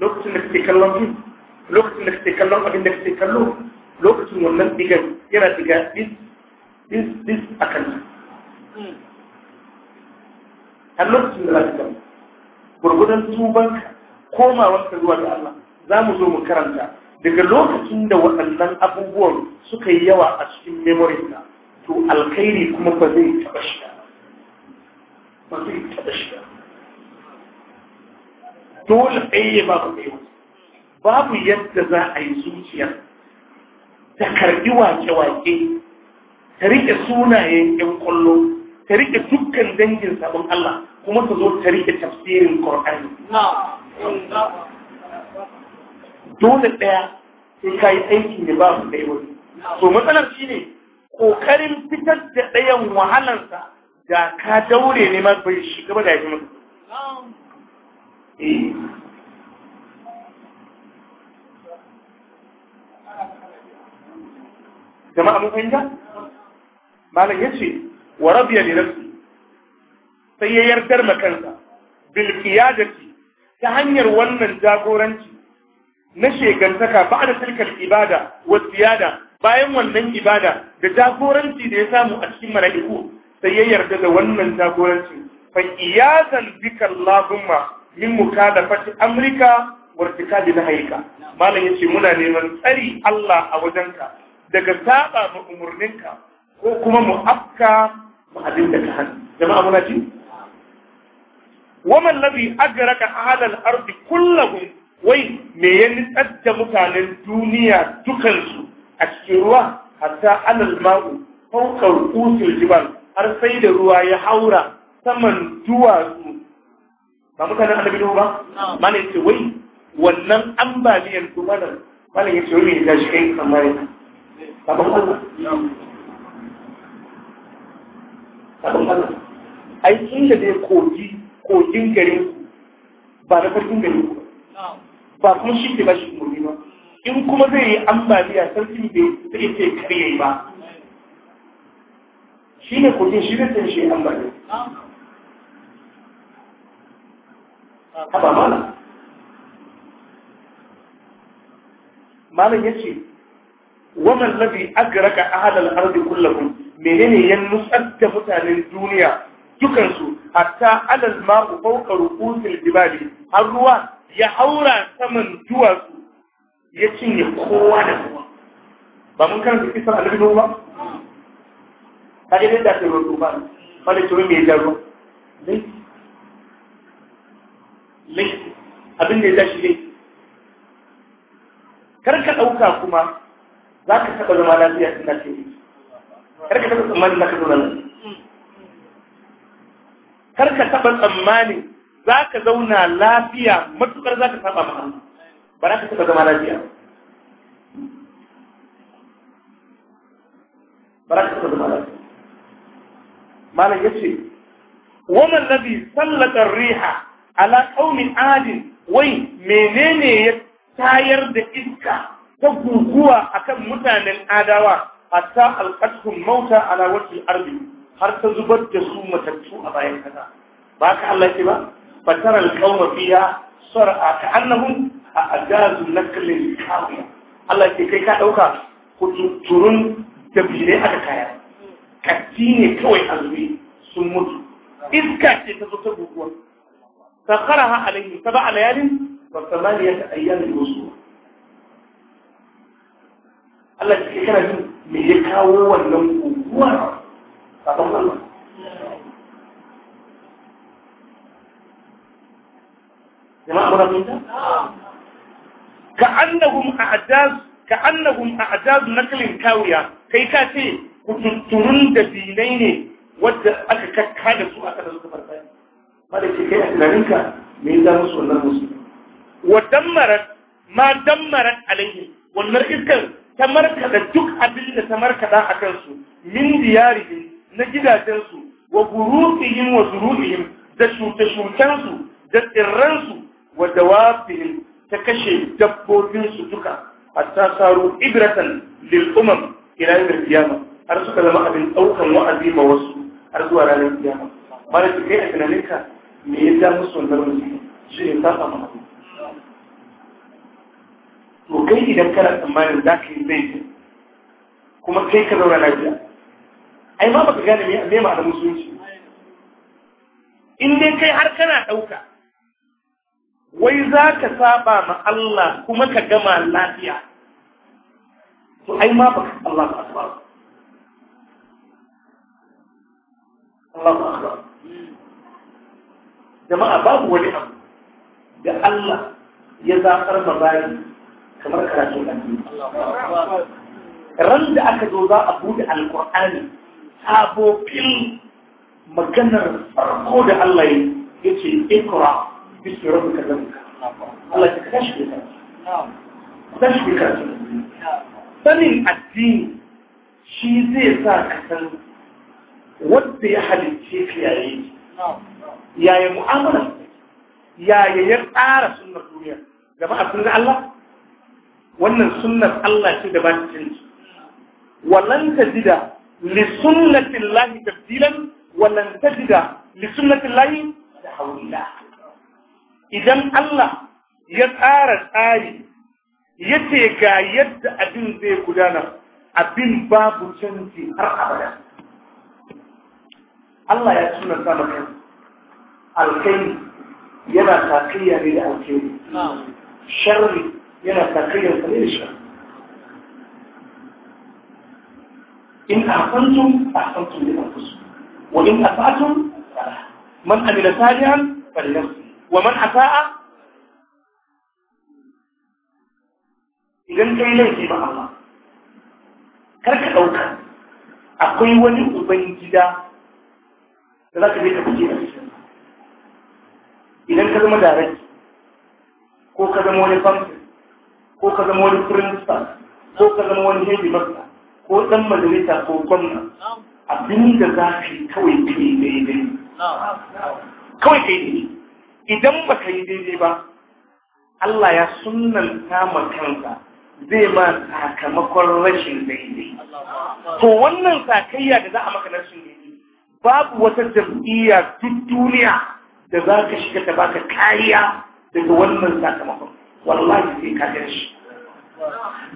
C: lokacin da kake kallon fim lokacin da kake kallon abin da kake kallo lokacin wannan digan yana diga dis a kan hmm. A lokacin da za ka gama gurgudan tubanka komawarka zuwa da Allah za mu zo mu karanta daga lokacin da waɗannan abubuwan suka yi yawa a cikin memorin ka to alkhairi kuma ba zai taɓa shiga
A: ba zai taɓa shiga
C: dole ɗaya ba ku ɗaya babu yadda za a yi zuciya ta karbi wake-wake ta rike sunayen yan kwallo ta rike dukkan dangin sabon Allah kuma ta zo ta rike tafsirin ƙorani dole ɗaya sai ka yi aiki da babu ɗaya wani so matsalar shi ne ƙoƙarin fitar da ɗayan wahalarsa da ka daure ne ma bai shiga ba da ya fi jama'a mun fahimta malam yace wa radiya li nafsi sai ya yardar ma kansa bil qiyadati ta hanyar wannan jagoranci na shegantaka ba da tilkar ibada wa ziyada bayan wannan ibada da jagoranci da ya samu a cikin mala'iku sai ya yarda da wannan jagoranci fa iyadan bika Allahumma min mukadafati amrika wa na haika. malam yace muna neman tsari Allah a wajenka daga saba ma umarninka ko kuma mu afka mu abin da ka hannu jama'a muna ji waman ladhi agraka ahlal ardi kullahum wai me ya nitsar da mutanen duniya dukansu a cikin ruwa hatta alal ma'u fawqa rusul jibal har sai da ruwa ya haura saman duwatsu ba mutanen annabi ba mana yace wai wannan ambaliyan dumanar mana yace wai me ya tashi kai kamar ai kogi ba na farkin ba kuma shi ke ba shi kogi ba in kuma zai yi ambaliya sarkin bai zai ce kare ba shi ne kogin shi shi ambaliya mana malam ya ce وما الذي أجرك أهل الأرض ya منين da mutanen duniya dukansu hatta alal ma'u fawqa ru'usil jibali har ruwa ya haura saman duwatsu ya cinye kowa da kowa ba mun kan su kisa annabi nuhu ba ta ga da ta ruwa ba wanda to me ya ruwa lai lai abin da ya tashi ne. kar ka dauka kuma za ka taɓa zama lafiya in ka ce kar ka taɓa tsammanin za ka zauna lafiya kar ka taɓa tsammanin za ka zauna lafiya matuƙar za ka saba ma ba za ka taɓa zama lafiya ba za ka taɓa zama lafiya malam ya ce waman labi sallatar riha ala ƙaumin adin wai menene ya tayar da iska ta guguwa akan mutanen adawa hatta alqatum mauta ala wajhi arbi har ta zubar da su matattu a bayan kasa ba ka Allah ke ba fatara alqawma fiha sar'a ka'annahum a'jazu naklin qawiya Allah ke kai ka dauka kuturun dabire aka kaya katti ne kawai azumi sun mutu iska ce ta zo ta guguwa sakharaha alaihim sab'a layalin wa thamaniyata ayyamin rusul Allah ya kana ni? me ya kawo wannan guguwa Ba Allah jama'a muna fahimta ka'annahum a'jaz ka'annahum a'jaz naklin kawiya kai ka ce kutunturun da dinai ne wadda aka kakka da su aka da su farfari ke kai a tunaninka me ya zama su wannan musu wa dammarat ma dammarat alaihim wannan iskar ta markada duk abin da ta markada a kansu min diyarihim na gidajensu wa gurufihim wa zuru'ihim da shuke-shukensu da tsirransu wa dawafihim ta kashe dabbobinsu duka hatta saru ibratan lil umam ila yawm qiyamah har suka zama abin daukan wa'azi ma wasu har zuwa ranar kiyama malaka kai a tunaninka me ya da musu wannan shi ne ta samu abin to kai idan kana tsammanin za ka yi zai kuma kai ka zauna lafiya ai ma baka gane me me ma'anar musulunci in dai kai har kana ɗauka wai za ka saba ma Allah kuma ka gama lafiya to ai ma baka Allah ba ba Allah ba jama'a babu wani abu da Allah ya zaɓar ma bayi kamar karatun addini ran da aka zo za a buɗe alƙur'ani sabobin maganar farko da Allah ya ce ikra bisu rabu ka zama Allah ya kashi da karatu kashi da karatu sanin addini shi zai sa ka san wanda ya halicce ka yaye yaya mu'amala yaya ya tsara sunnar duniya jama'a sun ga Allah wannan sunnar Allah ce da ba ta canji walan tajida li sunnatillahi tabdilan walan tajida li sunnatillahi tahwila idan Allah ya tsara tsari yace ga yadda abin zai gudana abin babu canji har abada Allah ya sunan sama kan alkai yana tafiya ne da alkai sharri yana takayyar kare shi in ahsantum ahsantum li anfusikum wa in asa'tum man amila salihan falinafsihi wa man asa'a idan kai laifi ba Allah kar ka ɗauka akwai wani uban gida da za ka je ka kuje a cikin idan ka zama darakta ko ka zama wani famfi ko ka zama wani principal ko ka zama wani headmaster ko dan majalisa ko gwamna abinda za ka yi kawai ka yi daidai kawai ka yi daidai idan ba ka yi daidai ba Allah ya sunanta ma kansa zai ma sakamakon rashin daidai to wannan sakayya da za a maka rashin daidai babu wata jam'iyya duk duniya da za ka shiga ta baka kariya daga wannan sakamakon wallahi sai ka gan shi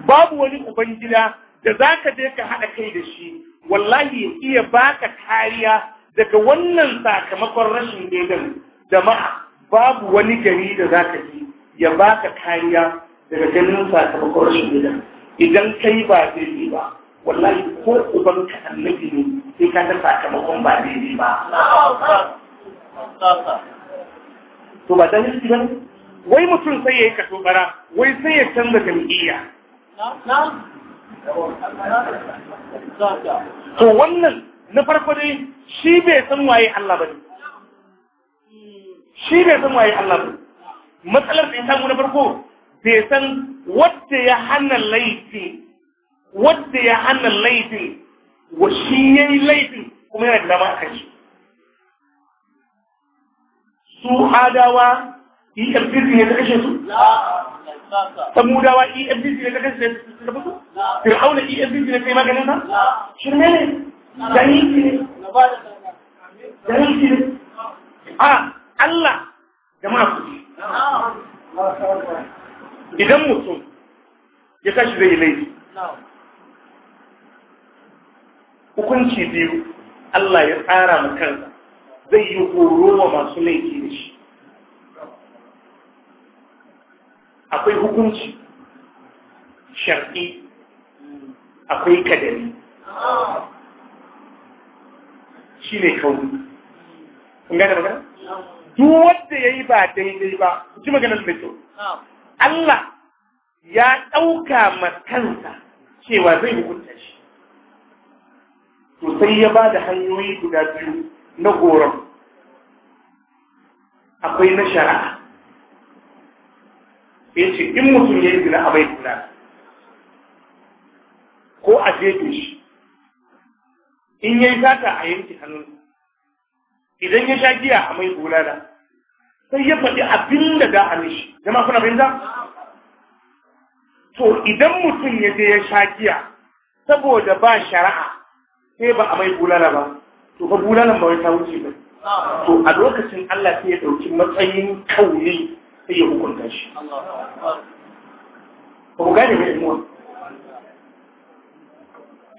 C: babu wani ubangida da za ka je ka haɗa kai da shi wallahi ya iya baka kariya daga wannan sakamakon rashin daidan jama'a babu wani gari da za ka ji ya baka kariya daga ganin sakamakon rashin daidan idan kai ba daidai ba wallahi ko uban ka annabi ne sai ka ga sakamakon ba daidai ba to ba dan shi ba wai mutum sai ya yi katobara wai sai ya canza jam'iyya to wannan na farko dai shi bai san waye Allah bane shi bai san waye Allah bane matsalar da ya samu na farko bai san wadda ya hana laifin wadda ya hana laifin wa shi ya yi laifin kuma yana da dama a kan shi su adawa EFCC ne ta kashe su? wa EFCC ne ta kashe su? Fir'auna EFCC ne ta yi maganin nan? Shirme ne, ne? jahilci ne, jahilci ne. A Allah jama'a ku ji. Idan mutum ya tashi zai yi laifi. Hukunci biyu Allah ya tsara ma kansa zai yi horo wa masu laifi da shi. akwai hukunci shar'i akwai kadari shi ne kauni kun gane magana duk wanda ya yi ba daidai ba ji maganar mai kyau Allah ya ɗauka makansa cewa zai hukunta shi sosai ya ba da hanyoyi guda biyu na goron akwai na shari'a ce in mutum ya yi zina a mai bulala ko a jefe shi in ya yi sata a yanke hannun idan ya sha giya a mai bulala sai ya faɗi abin da za a mishi jama'a kuna fahimta to idan mutum ya je ya sha giya saboda ba shari'a sai ba a mai bulala ba to fa bulalan ba wai ta wuce ba to a lokacin Allah sai ya ɗauki matsayin kauli iya hukunta shi ku gane mai ilmuwa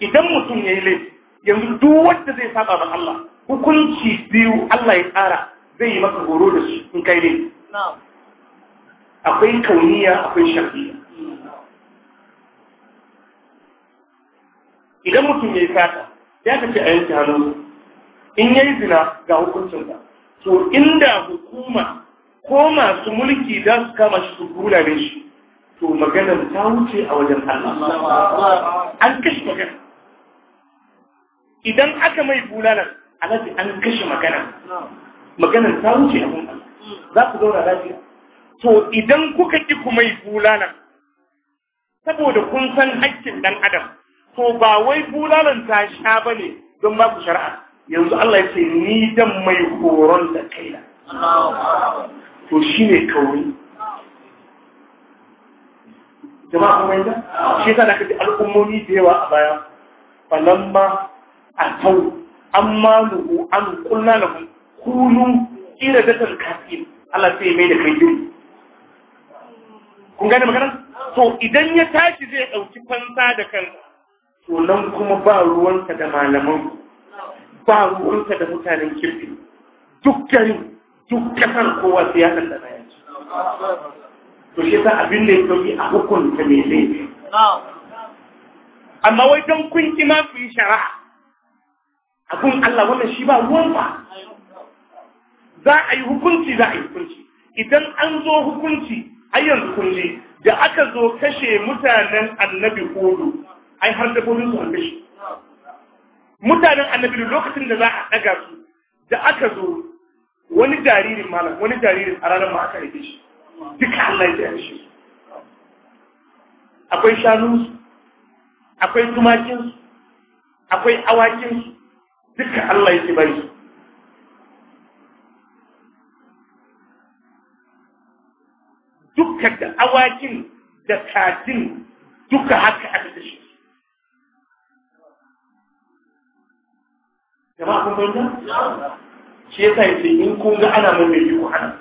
C: idan mutum ya yi laifi yanzu duk wanda zai saba ba Allah hukunci biyu Allah ya tsara zai yi maka horo da su in kai laifi akwai kauniya akwai shafiya idan mutum ya yi sata ya tafi a yanki hannu in ya yi zina ga hukuncinsa to inda hukuma ko masu mulki za su kama shi su kula da shi to maganar ta wuce a wajen Allah an kashe magana idan aka mai bulalar alaji an kashe magana maganar ta wuce a Allah za ku zauna lafiya to idan kuka ki ku mai bulalar saboda kun san haƙƙin ɗan adam to ba wai bulalan ta sha ba ne don ba ku shari'a yanzu Allah ya ce ni dan mai horon da kaina to shi ne kauri jama'a kuma yanzu shi sa da kaji al'ummomi da yawa a baya ma a tau ma nuhu an kulla na kunu kira da tarkasin ala sai mai da kai yuri kun gane magana to idan ya tashi zai ɗauki fansa da kan to nan kuma ba ruwanka da malaman ba ruwanka da mutanen kirki duk garin duk kasar kowa sai ya ɗanɗana na yanci to shi ta abin da ya sauki a hukunta mai laifi amma wai don kun ki ma ku yi shari'a abun Allah wannan shi ba ruwan ba za a yi hukunci za a yi hukunci idan an zo hukunci ai yanzu kun je da aka zo kashe mutanen annabi hudu ai har da gudun zuwa kashe mutanen annabi lokacin da za a ɗaga su da aka zo wani jaririn malam wani jaririn a ranar ma aka rike shi duka Allah ya ji shi akwai shanu akwai tumakin akwai awakin duka Allah ya bari duka da awakin da kajin duka haka aka kashe jama'a kun bayyana shi yasa ce in kun ga ana mai mai yiwu ana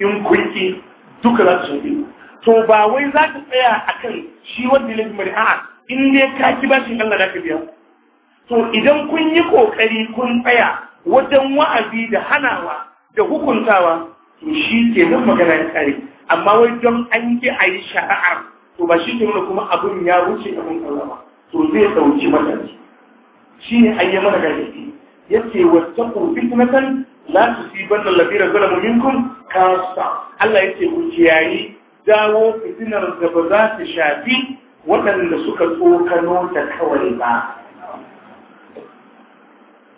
C: in kun ki duka za su bi to ba wai za ka tsaya a kan shi wanda ya bari a'a in dai ka ki shi Allah za ka biya to idan kun yi kokari kun tsaya wajen wa'azi da hanawa da hukuntawa to shi ke nan magana ya kare amma wai don an ki a yi shari'ar to ba shi ke nuna kuma abin ya wuce abin Allah ba to zai ɗauki mataki shi ne an yi mana gargaɗi yace wattaqu fitnatan la tusibanna alladhina zalamu minkum Kasa. Allah yake ku kiyayi dawo fitinar da ba za ta shafi waɗanda suka tsokano ta kawai ba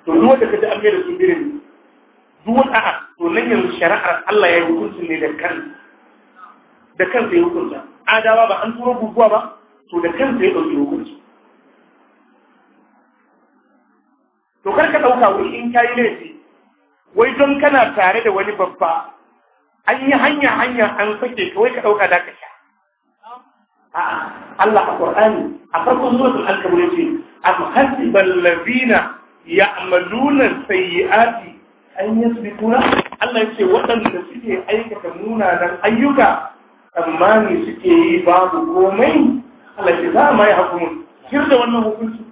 C: to duk wanda kaji an mai da su birin duk wanda a to nan shari'ar Allah ya yi hukunci ne da kan da kansa ya hukunta adawa ba an turo guguwa ba to da kansa ya ɗauki to kar ka ɗauka wai in ka yi laifi wai don kana tare da wani babba an yi hanya hanya an sake ka wai ka ɗauka da ka sha a'a Allah a Qur'ani a farkon suratul al-kabir yace am hasibal ladina ya'maluna sayyi'ati an yasbiquna Allah ce waɗanda suke aikata munanan ayyuka tsammani suke yi babu komai Allah ya za ma yi hakumun da wannan hukunci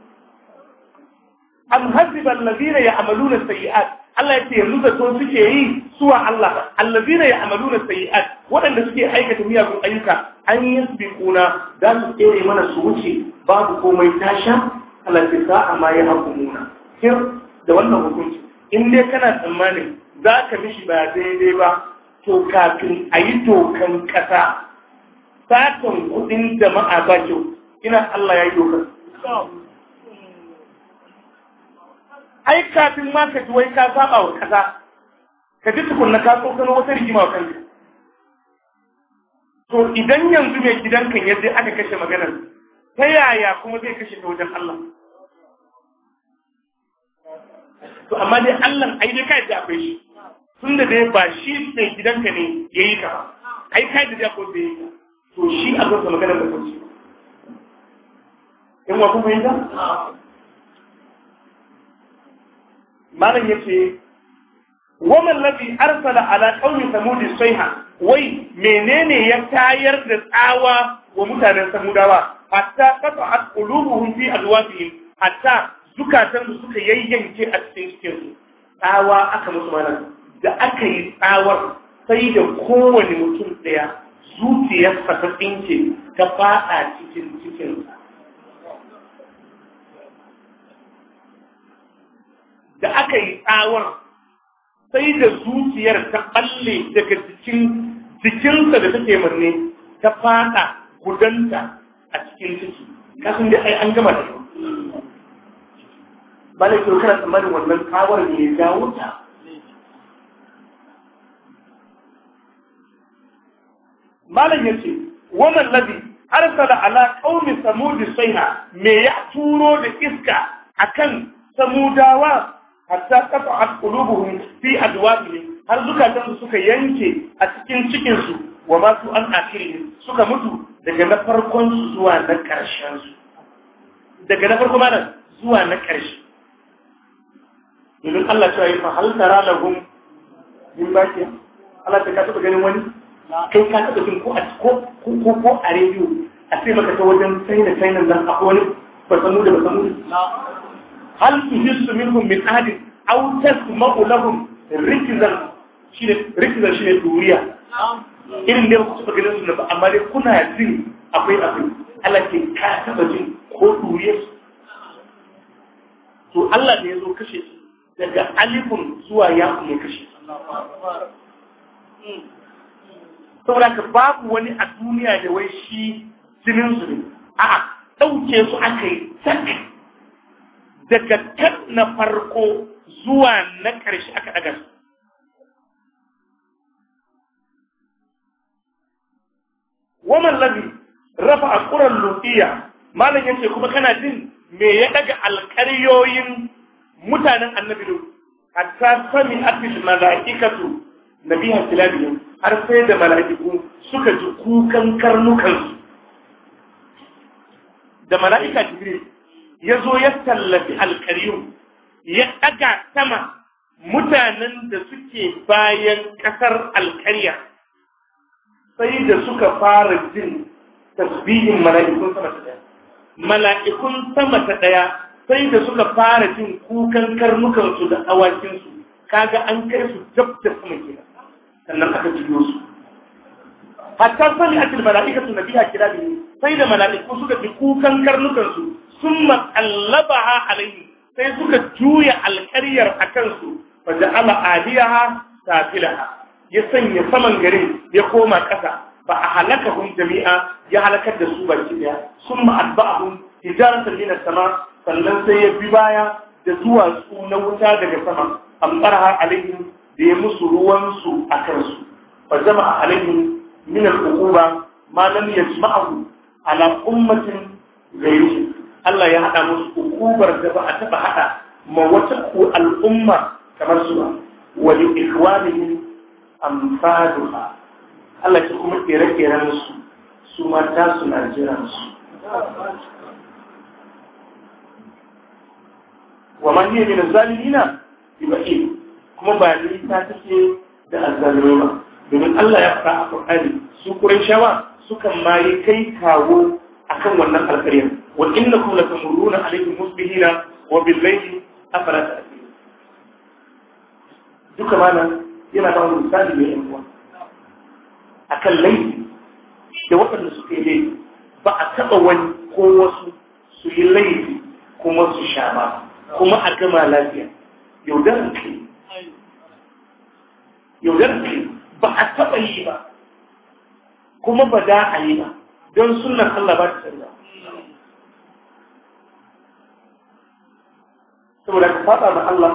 C: am hasiba allazina ya'maluna sayyi'at Allah ya ce yanzu da sun suke yi suwa Allah allazina ya'maluna sayyi'at waɗanda suke aikata miyagun ayyuka an yi yasbiquna dan su tsere mana su wuce babu komai tasha Allah ya sa amma ya muna. kir da wannan hukunci in dai kana tsammanin za ka mishi ba daidai ba to kafin a yi tokan ƙasa satan kuɗin jama'a ba kyau ina Allah ya yi dokar ai kafin ma ka ji wai ka saba wa kaza ka ji tukunna ka tsokano wata rigima wa kanka to idan yanzu mai gidan kan yadda aka kashe maganar ta yaya kuma zai kashe ta wajen Allah to amma dai Allah ai dai kai da akwai shi tun da dai ba shi mai gidan ka ne yayi ka ba ai kai da ko da yayi to shi a zo maganar da kanshi in wa kuma yanda malam yace woman lafi arsala ala qaumi samud sayha wai menene ya tayar da tsawa wa mutanen samudawa hatta qata'at qulubuhum fi adwafihim hatta zukatan su suka yayyanke a cikin cikin su tsawa aka musu malam da aka yi tsawar sai da kowane mutum daya zuciyarsa ta tsinke ta fada cikin cikinsa da aka yi tsawon sai da zuciyar ta balle daga jikinsa da take murni ta fada gudanta a cikin ciki kasan da ai an gama da shi malai to kana tsammanin wannan kawar ne ya jawo ta malam yace wannan ladhi arsala ala qaumi samud sayha me ya turo da iska akan samudawa hatta qata'at qulubuhum fi adwabihim har zukatan su suka yanke a cikin cikin su wa ma su an akiri suka mutu daga na farkon zuwa na karshen su daga na farko mana zuwa na karshe domin Allah ta yi fa hal tara lahum min baki Allah ta ka ganin wani kai ka taba jin ko a ko ko ko a rediyo a sai maka ta wajen sai da sai nan akwai wani ba sanu da ba hal tuhissu minhum min ahadin aw tasma'u lahum rikzan shine rikzan shine duriya irin da ku suka gidan su ba amma dai kuna jin akwai abin Allah ke ka taba jin ko duriya to Allah da yazo kashe daga alifun zuwa ya ne kashe saboda ka babu wani a duniya da wai shi jinin su ne a'a ɗauke su aka yi sak daga kan na farko zuwa na ƙarshe aka ɗaga su waman lafi rafa a ƙuran lufiya malam yance kuma kana jin me ya ɗaga alƙaryoyin mutanen annabi lu hatta sami afis mala'ikatu na nabiyan tilabiyyin har sai da mala'iku suka ji kukan karnukansu da mala'ika jibril ya zo ya tallafi alkaryu ya ɗaga sama mutanen da suke bayan ƙasar alkarya sai da suka fara jin tasbihin mala'ikun sama ta ɗaya mala'ikun sama ta ɗaya sai da suka fara jin kukan karnukansu da awakinsu kaga an kai su jab da sama kenan sannan aka jiyo su hatta sani a cikin mala'ikatu na biya kira ne sai da mala'iku suka ji kukan karnukansu sun qallabaha alaihi sai suka juya alƙaryar a kansu fa ja'ala aliyaha safilaha ya sanya saman garin ya koma ƙasa ba a halaka hun jami'a ya halakar da su baki daya sun ma'adba'ahun hijaratan min sama sannan sai ya bi baya da duwatsu na wuta daga sama ambarha alaihim da ya musu ruwansu a kansu ba jama'a a min al-uquba ma lam yasma'ahu ala ummatin ghayrihi Allah ya haɗa musu hukumar da ba a taɓa haɗa ma wata ku al'umma kamar su ba wa li ikhwanihim amsaluha Allah ya kuma kere-keren su su su na jiran su wa man hiya min zalimina Ibrahim kuma ba ni ta take da azzalimai ba domin Allah ya faɗa a Qur'ani su shawa sukan ma yi kai kawo akan wannan alƙaryar wa innakum latamurruna alaykum musbihina wa bil layli afala ta'qilun duka mana yana da wani misali mai yankuwa akan laifi da waɗanda suka yi laifi ba a taɓa wani ko wasu su yi laifi kuma su sha ba kuma a gama lafiya yaudar ke yaudar ke ba a taɓa yi ba kuma ba da a yi ba don sunan Allah ba ta sallah saboda ka faɗa ma Allah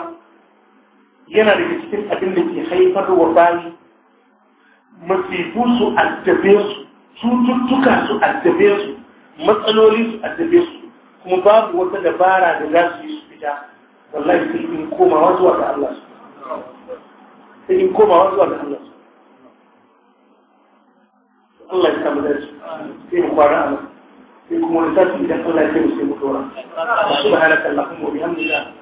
C: yana daga cikin abin da ke haifar wa bayi masifu su addabe su cututtuka su addabe su matsaloli su addabe su kuma babu wata dabara da za su yi su fita wallahi sai in koma wasu, ga Allah su sai in komawa wasu ga Allah su Allah ya samu dace sai mu kwana a nan sai kuma wani sati idan Allah ya kai mu sai mu dora subhanaka allahumma wa bihamdika